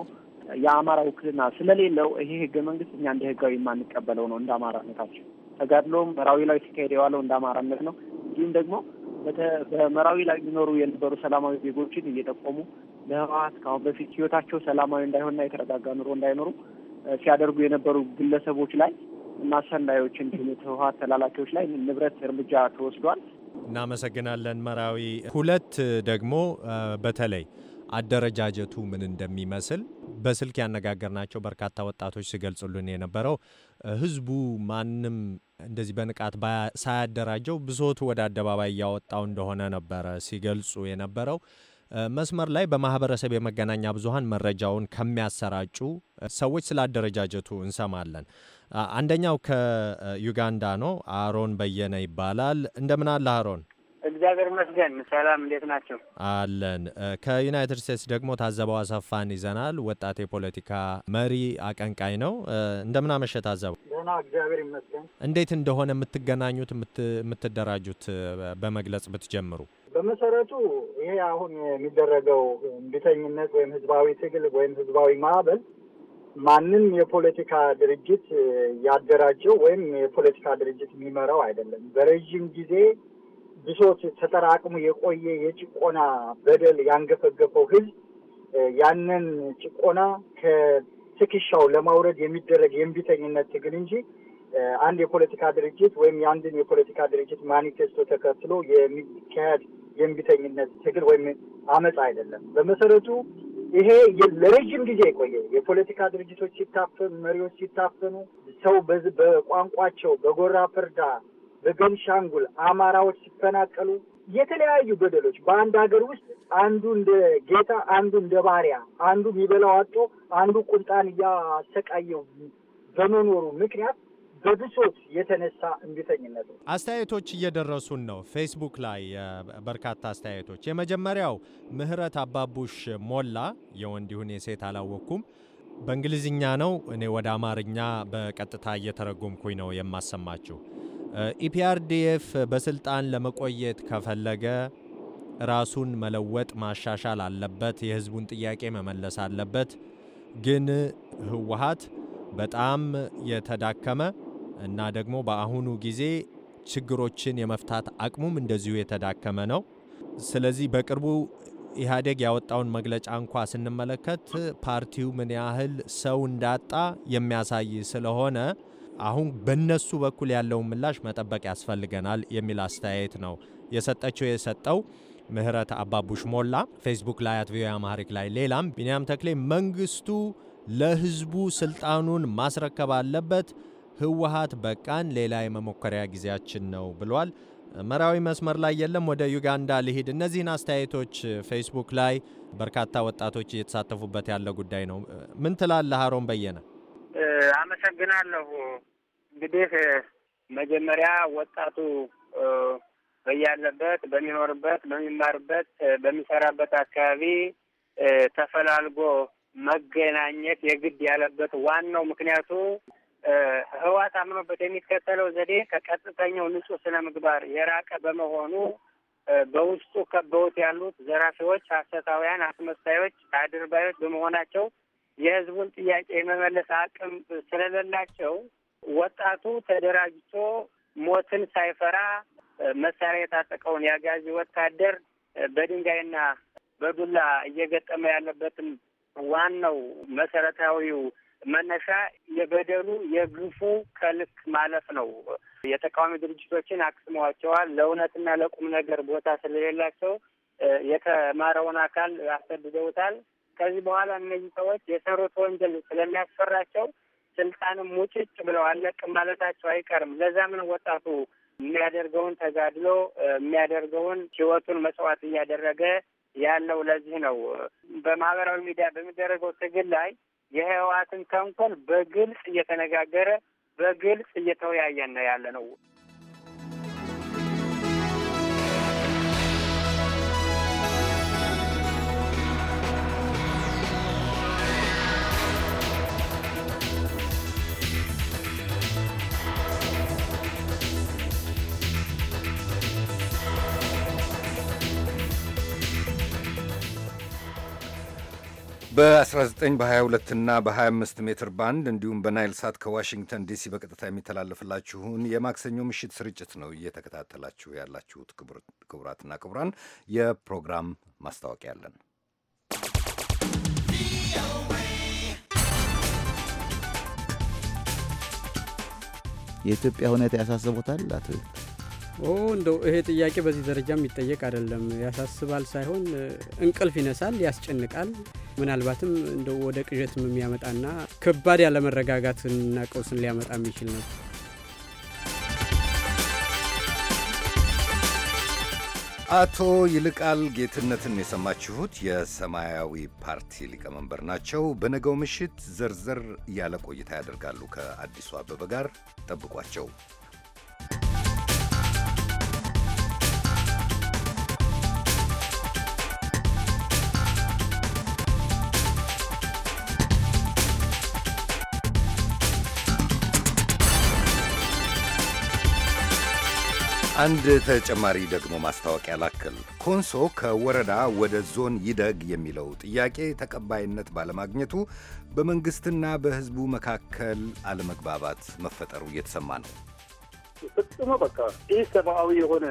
የአማራ ውክልና ስለሌለው ይሄ ህገ መንግስት እኛ እንደ ህጋዊ የማንቀበለው ነው እንደ አማራነታቸው ተጋድሎም መራዊ ላይ ሲካሄድ የዋለው እንደ አማራነት ነው። እንዲሁም ደግሞ በመራዊ ላይ የሚኖሩ የነበሩ ሰላማዊ ዜጎችን እየጠቆሙ ለህወሀት ከአሁን በፊት ህይወታቸው ሰላማዊ እንዳይሆንና የተረጋጋ ኑሮ እንዳይኖሩ ሲያደርጉ የነበሩ ግለሰቦች ላይ እና ሰላዮች እንዲሁም ህወሓት ተላላኪዎች ላይ ንብረት እርምጃ ተወስዷል። እናመሰግናለን መራዊ። ሁለት ደግሞ በተለይ አደረጃጀቱ ምን እንደሚመስል በስልክ ያነጋገርናቸው በርካታ ወጣቶች ሲገልጹልን የነበረው ህዝቡ ማንም እንደዚህ በንቃት ሳያደራጀው ብሶቱ ወደ አደባባይ እያወጣው እንደሆነ ነበረ ሲገልጹ የነበረው። መስመር ላይ በማህበረሰብ የመገናኛ ብዙሀን መረጃውን ከሚያሰራጩ ሰዎች ስለ አደረጃጀቱ እንሰማለን። አንደኛው ከዩጋንዳ ነው። አሮን በየነ ይባላል። እንደምን አለ አሮን? እግዚአብሔር ይመስገን። ሰላም፣ እንዴት ናቸው? አለን። ከዩናይትድ ስቴትስ ደግሞ ታዘበው አሰፋን ይዘናል። ወጣት የፖለቲካ መሪ አቀንቃኝ ነው። እንደምናመሸ ታዘበው። ደህና፣ እግዚአብሔር ይመስገን። እንዴት እንደሆነ የምትገናኙት የምትደራጁት በመግለጽ ብትጀምሩ። በመሰረቱ ይሄ አሁን የሚደረገው እምቢተኝነት ወይም ህዝባዊ ትግል ወይም ህዝባዊ ማዕበል ማንም የፖለቲካ ድርጅት ያደራጀው ወይም የፖለቲካ ድርጅት የሚመራው አይደለም። በረዥም ጊዜ ብሶት ተጠራቅሞ የቆየ የጭቆና በደል ያንገፈገፈው ህዝብ ያንን ጭቆና ከትከሻው ለማውረድ የሚደረግ የእምቢተኝነት ትግል እንጂ አንድ የፖለቲካ ድርጅት ወይም የአንድን የፖለቲካ ድርጅት ማኒፌስቶ ተከትሎ የሚካሄድ የእምቢተኝነት ትግል ወይም አመፅ አይደለም። በመሰረቱ ይሄ ለረጅም ጊዜ የቆየ የፖለቲካ ድርጅቶች ሲታፈኑ፣ መሪዎች ሲታፈኑ፣ ሰው በቋንቋቸው በጎራ ፍርዳ በቤንሻንጉል አማራዎች ሲፈናቀሉ የተለያዩ በደሎች በአንድ ሀገር ውስጥ አንዱ እንደ ጌታ፣ አንዱ እንደ ባሪያ፣ አንዱ የሚበላው አጥቶ፣ አንዱ ቁንጣን እያሰቃየው በመኖሩ ምክንያት በብሶት የተነሳ እንቢተኝነት ነው። አስተያየቶች እየደረሱን ነው። ፌስቡክ ላይ በርካታ አስተያየቶች። የመጀመሪያው ምህረት አባቡሽ ሞላ የወንድ ይሁን የሴት አላወቅኩም። በእንግሊዝኛ ነው። እኔ ወደ አማርኛ በቀጥታ እየተረጎምኩኝ ነው የማሰማችሁ። ኢፒአርዲኤፍ በስልጣን ለመቆየት ከፈለገ ራሱን መለወጥ ማሻሻል አለበት፣ የህዝቡን ጥያቄ መመለስ አለበት። ግን ህወሀት በጣም የተዳከመ እና ደግሞ በአሁኑ ጊዜ ችግሮችን የመፍታት አቅሙም እንደዚሁ የተዳከመ ነው። ስለዚህ በቅርቡ ኢህአዴግ ያወጣውን መግለጫ እንኳ ስንመለከት ፓርቲው ምን ያህል ሰው እንዳጣ የሚያሳይ ስለሆነ አሁን በነሱ በኩል ያለውን ምላሽ መጠበቅ ያስፈልገናል የሚል አስተያየት ነው የሰጠችው የሰጠው ምህረት አባቡሽ ሞላ ፌስቡክ ላይ አት ቪኦኤ አማሪክ ላይ ሌላም ቢንያም ተክሌ መንግስቱ ለህዝቡ ስልጣኑን ማስረከብ አለበት ህወሀት በቃን ሌላ የመሞከሪያ ጊዜያችን ነው ብሏል መራዊ መስመር ላይ የለም ወደ ዩጋንዳ ልሂድ እነዚህን አስተያየቶች ፌስቡክ ላይ በርካታ ወጣቶች እየተሳተፉበት ያለ ጉዳይ ነው ምን ትላለህ አሮን በየነ አመሰግናለሁ እንግዲህ መጀመሪያ ወጣቱ በያለበት በሚኖርበት በሚማርበት በሚሰራበት አካባቢ ተፈላልጎ መገናኘት የግድ ያለበት ዋናው ምክንያቱ ህዋት አምኖበት የሚከተለው ዘዴ ከቀጥተኛው ንጹህ ስነ ምግባር የራቀ በመሆኑ በውስጡ ከበውት ያሉት ዘራፊዎች፣ ሐሰታውያን፣ አስመሳዮች፣ አድርባዮች በመሆናቸው የህዝቡን ጥያቄ የመመለስ አቅም ስለሌላቸው ወጣቱ ተደራጅቶ ሞትን ሳይፈራ መሳሪያ የታጠቀውን የአጋዚ ወታደር በድንጋይና በዱላ እየገጠመ ያለበትን ዋናው መሰረታዊው መነሻ የበደሉ የግፉ ከልክ ማለፍ ነው። የተቃዋሚ ድርጅቶችን አክስመዋቸዋል። ለእውነትና ለቁም ነገር ቦታ ስለሌላቸው የተማረውን አካል አሰድደውታል። ከዚህ በኋላ እነዚህ ሰዎች የሰሩት ወንጀል ስለሚያስፈራቸው ስልጣንም ውጭጭ ብለው አለቅም ማለታቸው አይቀርም። ለዛ ምን ወጣቱ የሚያደርገውን ተጋድሎ የሚያደርገውን ህይወቱን መስዋዕት እያደረገ ያለው። ለዚህ ነው በማህበራዊ ሚዲያ በሚደረገው ትግል ላይ የህወሓትን ተንኮል በግልጽ እየተነጋገረ በግልጽ እየተወያየን ነው ያለ ነው። በ19 በ22 እና በ25 ሜትር ባንድ እንዲሁም በናይል ሳት ከዋሽንግተን ዲሲ በቀጥታ የሚተላለፍላችሁን የማክሰኞ ምሽት ስርጭት ነው እየተከታተላችሁ ያላችሁት። ክቡራትና ክቡራን፣ የፕሮግራም ማስታወቂያ አለን። የኢትዮጵያ ሁኔታ ያሳስቦታል አቶ እንደው ይሄ ጥያቄ በዚህ ደረጃ የሚጠየቅ አይደለም። ያሳስባል ሳይሆን እንቅልፍ ይነሳል፣ ያስጨንቃል። ምናልባትም እንደው ወደ ቅዠትም የሚያመጣና ከባድ ያለመረጋጋትና ቀውስን ሊያመጣ የሚችል ነው። አቶ ይልቃል ጌትነትን የሰማችሁት የሰማያዊ ፓርቲ ሊቀመንበር ናቸው። በነገው ምሽት ዘርዘር ያለ ቆይታ ያደርጋሉ ከአዲሱ አበበ ጋር ጠብቋቸው። አንድ ተጨማሪ ደግሞ ማስታወቂያ ላክል። ኮንሶ ከወረዳ ወደ ዞን ይደግ የሚለው ጥያቄ ተቀባይነት ባለማግኘቱ በመንግሥትና በሕዝቡ መካከል አለመግባባት መፈጠሩ እየተሰማ ነው። ፈጽሞ በቃ ይህ ሰብአዊ የሆነ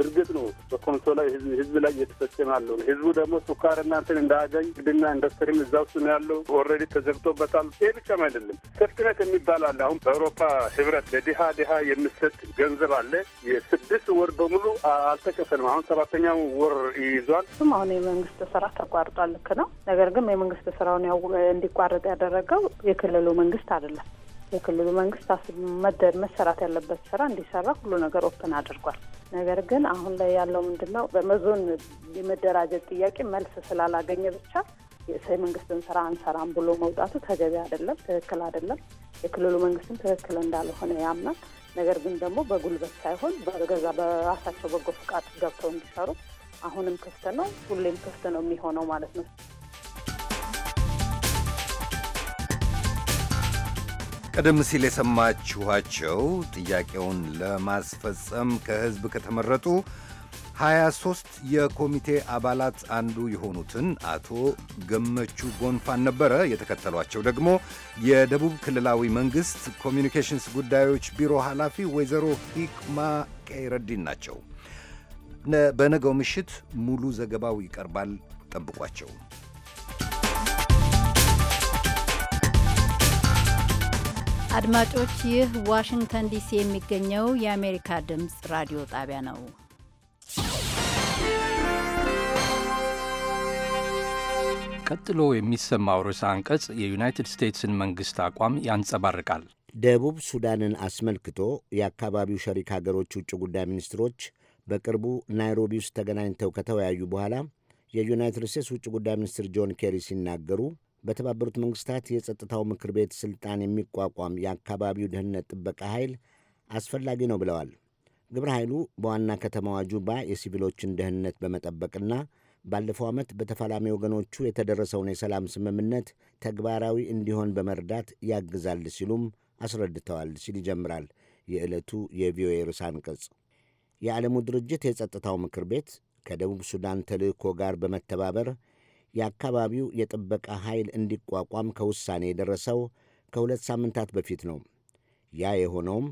ድርጊት ነው በኮንሶ ላይ ህዝብ ላይ እየተፈጸመ ያለው። ህዝቡ ደግሞ ሱካር እናንትን እንዳያገኝ ግድና ኢንዱስትሪም እዛ ውስጥ ነው ያለው። ኦልሬዲ ተዘግቶበታል። ይህ ብቻም አይደለም ሰፍትነት የሚባል አለ። አሁን በአውሮፓ ህብረት ለድሃ ድሃ የሚሰጥ ገንዘብ አለ። የስድስት ወር በሙሉ አልተከፈልም። አሁን ሰባተኛው ወር ይይዟል። እሱም አሁን የመንግስት ስራ ተቋርጧል። ልክ ነው። ነገር ግን የመንግስት ስራውን እንዲቋረጥ ያደረገው የክልሉ መንግስት አይደለም የክልሉ መንግስት መደር መሰራት ያለበት ስራ እንዲሰራ ሁሉ ነገር ኦፕን አድርጓል። ነገር ግን አሁን ላይ ያለው ምንድነው በመዞን የመደራጀት ጥያቄ መልስ ስላላገኘ ብቻ የመንግስትን ስራ አንሰራም ብሎ መውጣቱ ተገቢ አይደለም፣ ትክክል አይደለም። የክልሉ መንግስትም ትክክል እንዳልሆነ ያምናል። ነገር ግን ደግሞ በጉልበት ሳይሆን በገዛ በራሳቸው በጎ ፍቃድ ገብተው እንዲሰሩ አሁንም ክፍት ነው፣ ሁሌም ክፍት ነው የሚሆነው ማለት ነው። ቀደም ሲል የሰማችኋቸው ጥያቄውን ለማስፈጸም ከህዝብ ከተመረጡ 23 የኮሚቴ አባላት አንዱ የሆኑትን አቶ ገመቹ ጎንፋን ነበረ። የተከተሏቸው ደግሞ የደቡብ ክልላዊ መንግሥት ኮሚኒኬሽንስ ጉዳዮች ቢሮ ኃላፊ ወይዘሮ ሂክማ ቀይረዲን ናቸው። በነገው ምሽት ሙሉ ዘገባው ይቀርባል። ጠብቋቸው። አድማጮች ይህ ዋሽንግተን ዲሲ የሚገኘው የአሜሪካ ድምፅ ራዲዮ ጣቢያ ነው። ቀጥሎ የሚሰማው ርዕሰ አንቀጽ የዩናይትድ ስቴትስን መንግሥት አቋም ያንጸባርቃል። ደቡብ ሱዳንን አስመልክቶ የአካባቢው ሸሪክ ሀገሮች ውጭ ጉዳይ ሚኒስትሮች በቅርቡ ናይሮቢ ውስጥ ተገናኝተው ከተወያዩ በኋላ የዩናይትድ ስቴትስ ውጭ ጉዳይ ሚኒስትር ጆን ኬሪ ሲናገሩ በተባበሩት መንግስታት የጸጥታው ምክር ቤት ስልጣን የሚቋቋም የአካባቢው ደህንነት ጥበቃ ኃይል አስፈላጊ ነው ብለዋል። ግብረ ኃይሉ በዋና ከተማዋ ጁባ የሲቪሎችን ደህንነት በመጠበቅና ባለፈው ዓመት በተፋላሚ ወገኖቹ የተደረሰውን የሰላም ስምምነት ተግባራዊ እንዲሆን በመርዳት ያግዛል ሲሉም አስረድተዋል ሲል ይጀምራል የዕለቱ የቪኦኤ ርዕሰ አንቀጽ። የዓለሙ ድርጅት የጸጥታው ምክር ቤት ከደቡብ ሱዳን ተልእኮ ጋር በመተባበር የአካባቢው የጥበቃ ኃይል እንዲቋቋም ከውሳኔ የደረሰው ከሁለት ሳምንታት በፊት ነው። ያ የሆነውም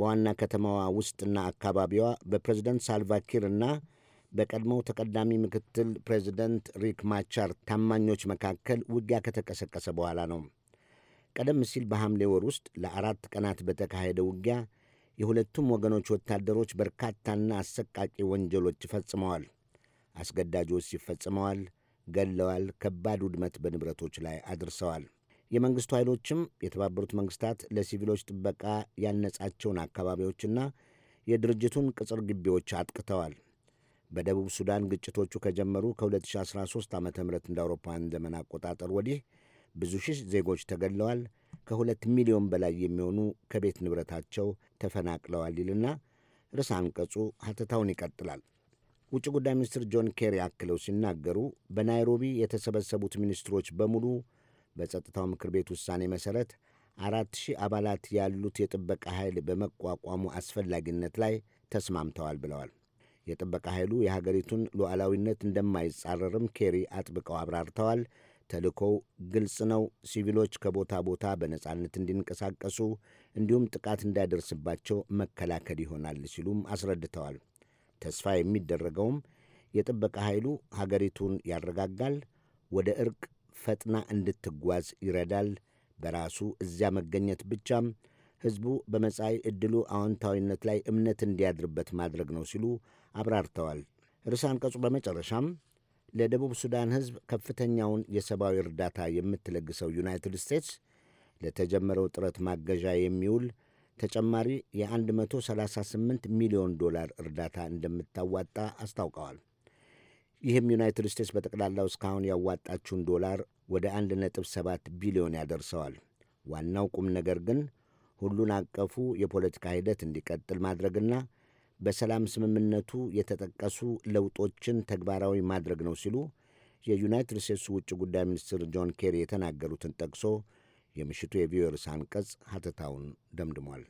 በዋና ከተማዋ ውስጥና አካባቢዋ በፕሬዝደንት ሳልቫኪር እና በቀድሞው ተቀዳሚ ምክትል ፕሬዝደንት ሪክ ማቻር ታማኞች መካከል ውጊያ ከተቀሰቀሰ በኋላ ነው። ቀደም ሲል በሐምሌ ወር ውስጥ ለአራት ቀናት በተካሄደ ውጊያ የሁለቱም ወገኖች ወታደሮች በርካታና አሰቃቂ ወንጀሎች ፈጽመዋል። አስገዳጅ ይፈጽመዋል። ገለዋል፣ ከባድ ውድመት በንብረቶች ላይ አድርሰዋል። የመንግሥቱ ኃይሎችም የተባበሩት መንግሥታት ለሲቪሎች ጥበቃ ያነጻቸውን አካባቢዎችና የድርጅቱን ቅጽር ግቢዎች አጥቅተዋል። በደቡብ ሱዳን ግጭቶቹ ከጀመሩ ከ2013 ዓ ም እንደ አውሮፓውያን ዘመን አቆጣጠር ወዲህ ብዙ ሺህ ዜጎች ተገለዋል። ከሁለት ሚሊዮን በላይ የሚሆኑ ከቤት ንብረታቸው ተፈናቅለዋል ይልና ርዕሰ አንቀጹ ሐተታውን ይቀጥላል። ውጭ ጉዳይ ሚኒስትር ጆን ኬሪ አክለው ሲናገሩ በናይሮቢ የተሰበሰቡት ሚኒስትሮች በሙሉ በጸጥታው ምክር ቤት ውሳኔ መሠረት አራት ሺህ አባላት ያሉት የጥበቃ ኃይል በመቋቋሙ አስፈላጊነት ላይ ተስማምተዋል ብለዋል። የጥበቃ ኃይሉ የሀገሪቱን ሉዓላዊነት እንደማይጻረርም ኬሪ አጥብቀው አብራርተዋል። ተልእኮው ግልጽ ነው። ሲቪሎች ከቦታ ቦታ በነጻነት እንዲንቀሳቀሱ እንዲሁም ጥቃት እንዳይደርስባቸው መከላከል ይሆናል ሲሉም አስረድተዋል። ተስፋ የሚደረገውም የጥበቃ ኃይሉ ሀገሪቱን ያረጋጋል፣ ወደ ዕርቅ ፈጥና እንድትጓዝ ይረዳል። በራሱ እዚያ መገኘት ብቻም ሕዝቡ በመጻኢ ዕድሉ አዎንታዊነት ላይ እምነት እንዲያድርበት ማድረግ ነው ሲሉ አብራርተዋል። ርዕሰ አንቀጹ በመጨረሻም ለደቡብ ሱዳን ሕዝብ ከፍተኛውን የሰብአዊ እርዳታ የምትለግሰው ዩናይትድ ስቴትስ ለተጀመረው ጥረት ማገዣ የሚውል ተጨማሪ የ138 ሚሊዮን ዶላር እርዳታ እንደምታዋጣ አስታውቀዋል። ይህም ዩናይትድ ስቴትስ በጠቅላላው እስካሁን ያዋጣችውን ዶላር ወደ 1.7 ቢሊዮን ያደርሰዋል። ዋናው ቁም ነገር ግን ሁሉን አቀፉ የፖለቲካ ሂደት እንዲቀጥል ማድረግና በሰላም ስምምነቱ የተጠቀሱ ለውጦችን ተግባራዊ ማድረግ ነው ሲሉ የዩናይትድ ስቴትስ ውጭ ጉዳይ ሚኒስትር ጆን ኬሪ የተናገሩትን ጠቅሶ የምሽቱ የቪኦኤ ርዕሰ አንቀጽ ሀተታውን ደምድሟል።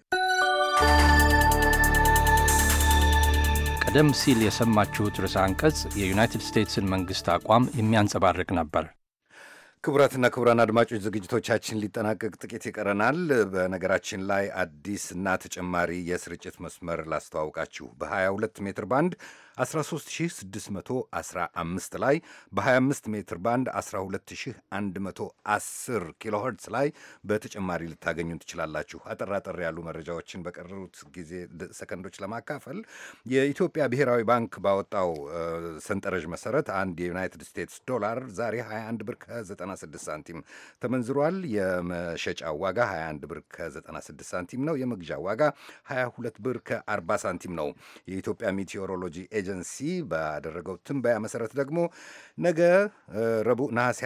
ቀደም ሲል የሰማችሁት ርዕሰ አንቀጽ የዩናይትድ ስቴትስን መንግሥት አቋም የሚያንጸባርቅ ነበር። ክቡራትና ክቡራን አድማጮች ዝግጅቶቻችን ሊጠናቀቅ ጥቂት ይቀረናል። በነገራችን ላይ አዲስ እና ተጨማሪ የስርጭት መስመር ላስተዋውቃችሁ በ22 ሜትር ባንድ 13615 ላይ በ25 ሜትር ባንድ 12110 ኪሎ ሄርትስ ላይ በተጨማሪ ልታገኙ ትችላላችሁ። አጠራጠር ያሉ መረጃዎችን በቀረሩት ጊዜ ሰከንዶች ለማካፈል የኢትዮጵያ ብሔራዊ ባንክ ባወጣው ሰንጠረዥ መሰረት አንድ የዩናይትድ ስቴትስ ዶላር ዛሬ 21 ብር ከ96 ሳንቲም ተመንዝሯል። የመሸጫ ዋጋ 21 ብር ከ96 ሳንቲም ነው። የመግዣ ዋጋ 22 ብር ከ40 ሳንቲም ነው። የኢትዮጵያ ሜቴዎሮሎጂ ኤጀንሲ ባደረገው ትንበያ መሰረት ደግሞ ነገ ረቡዕ ነሐሴ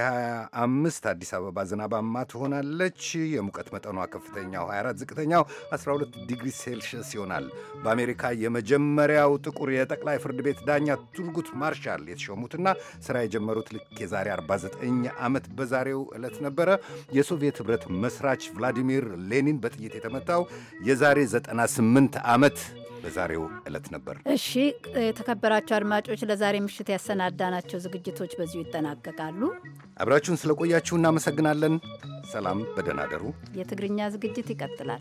25 አዲስ አበባ ዝናባማ ትሆናለች። የሙቀት መጠኗ ከፍተኛው 24፣ ዝቅተኛው 12 ዲግሪ ሴልሽስ ይሆናል። በአሜሪካ የመጀመሪያው ጥቁር የጠቅላይ ፍርድ ቤት ዳኛ ቱልጉት ማርሻል የተሾሙትና ስራ የጀመሩት ልክ የዛሬ 49 ዓመት በዛሬው ዕለት ነበረ። የሶቪየት ህብረት መስራች ቭላዲሚር ሌኒን በጥይት የተመታው የዛሬ 98 ዓመት በዛሬው ዕለት ነበር። እሺ የተከበራቸው አድማጮች ለዛሬ ምሽት ያሰናዳናቸው ዝግጅቶች በዚሁ ይጠናቀቃሉ። አብራችሁን ስለቆያችሁ እናመሰግናለን። ሰላም፣ በደህና አደሩ። የትግርኛ ዝግጅት ይቀጥላል።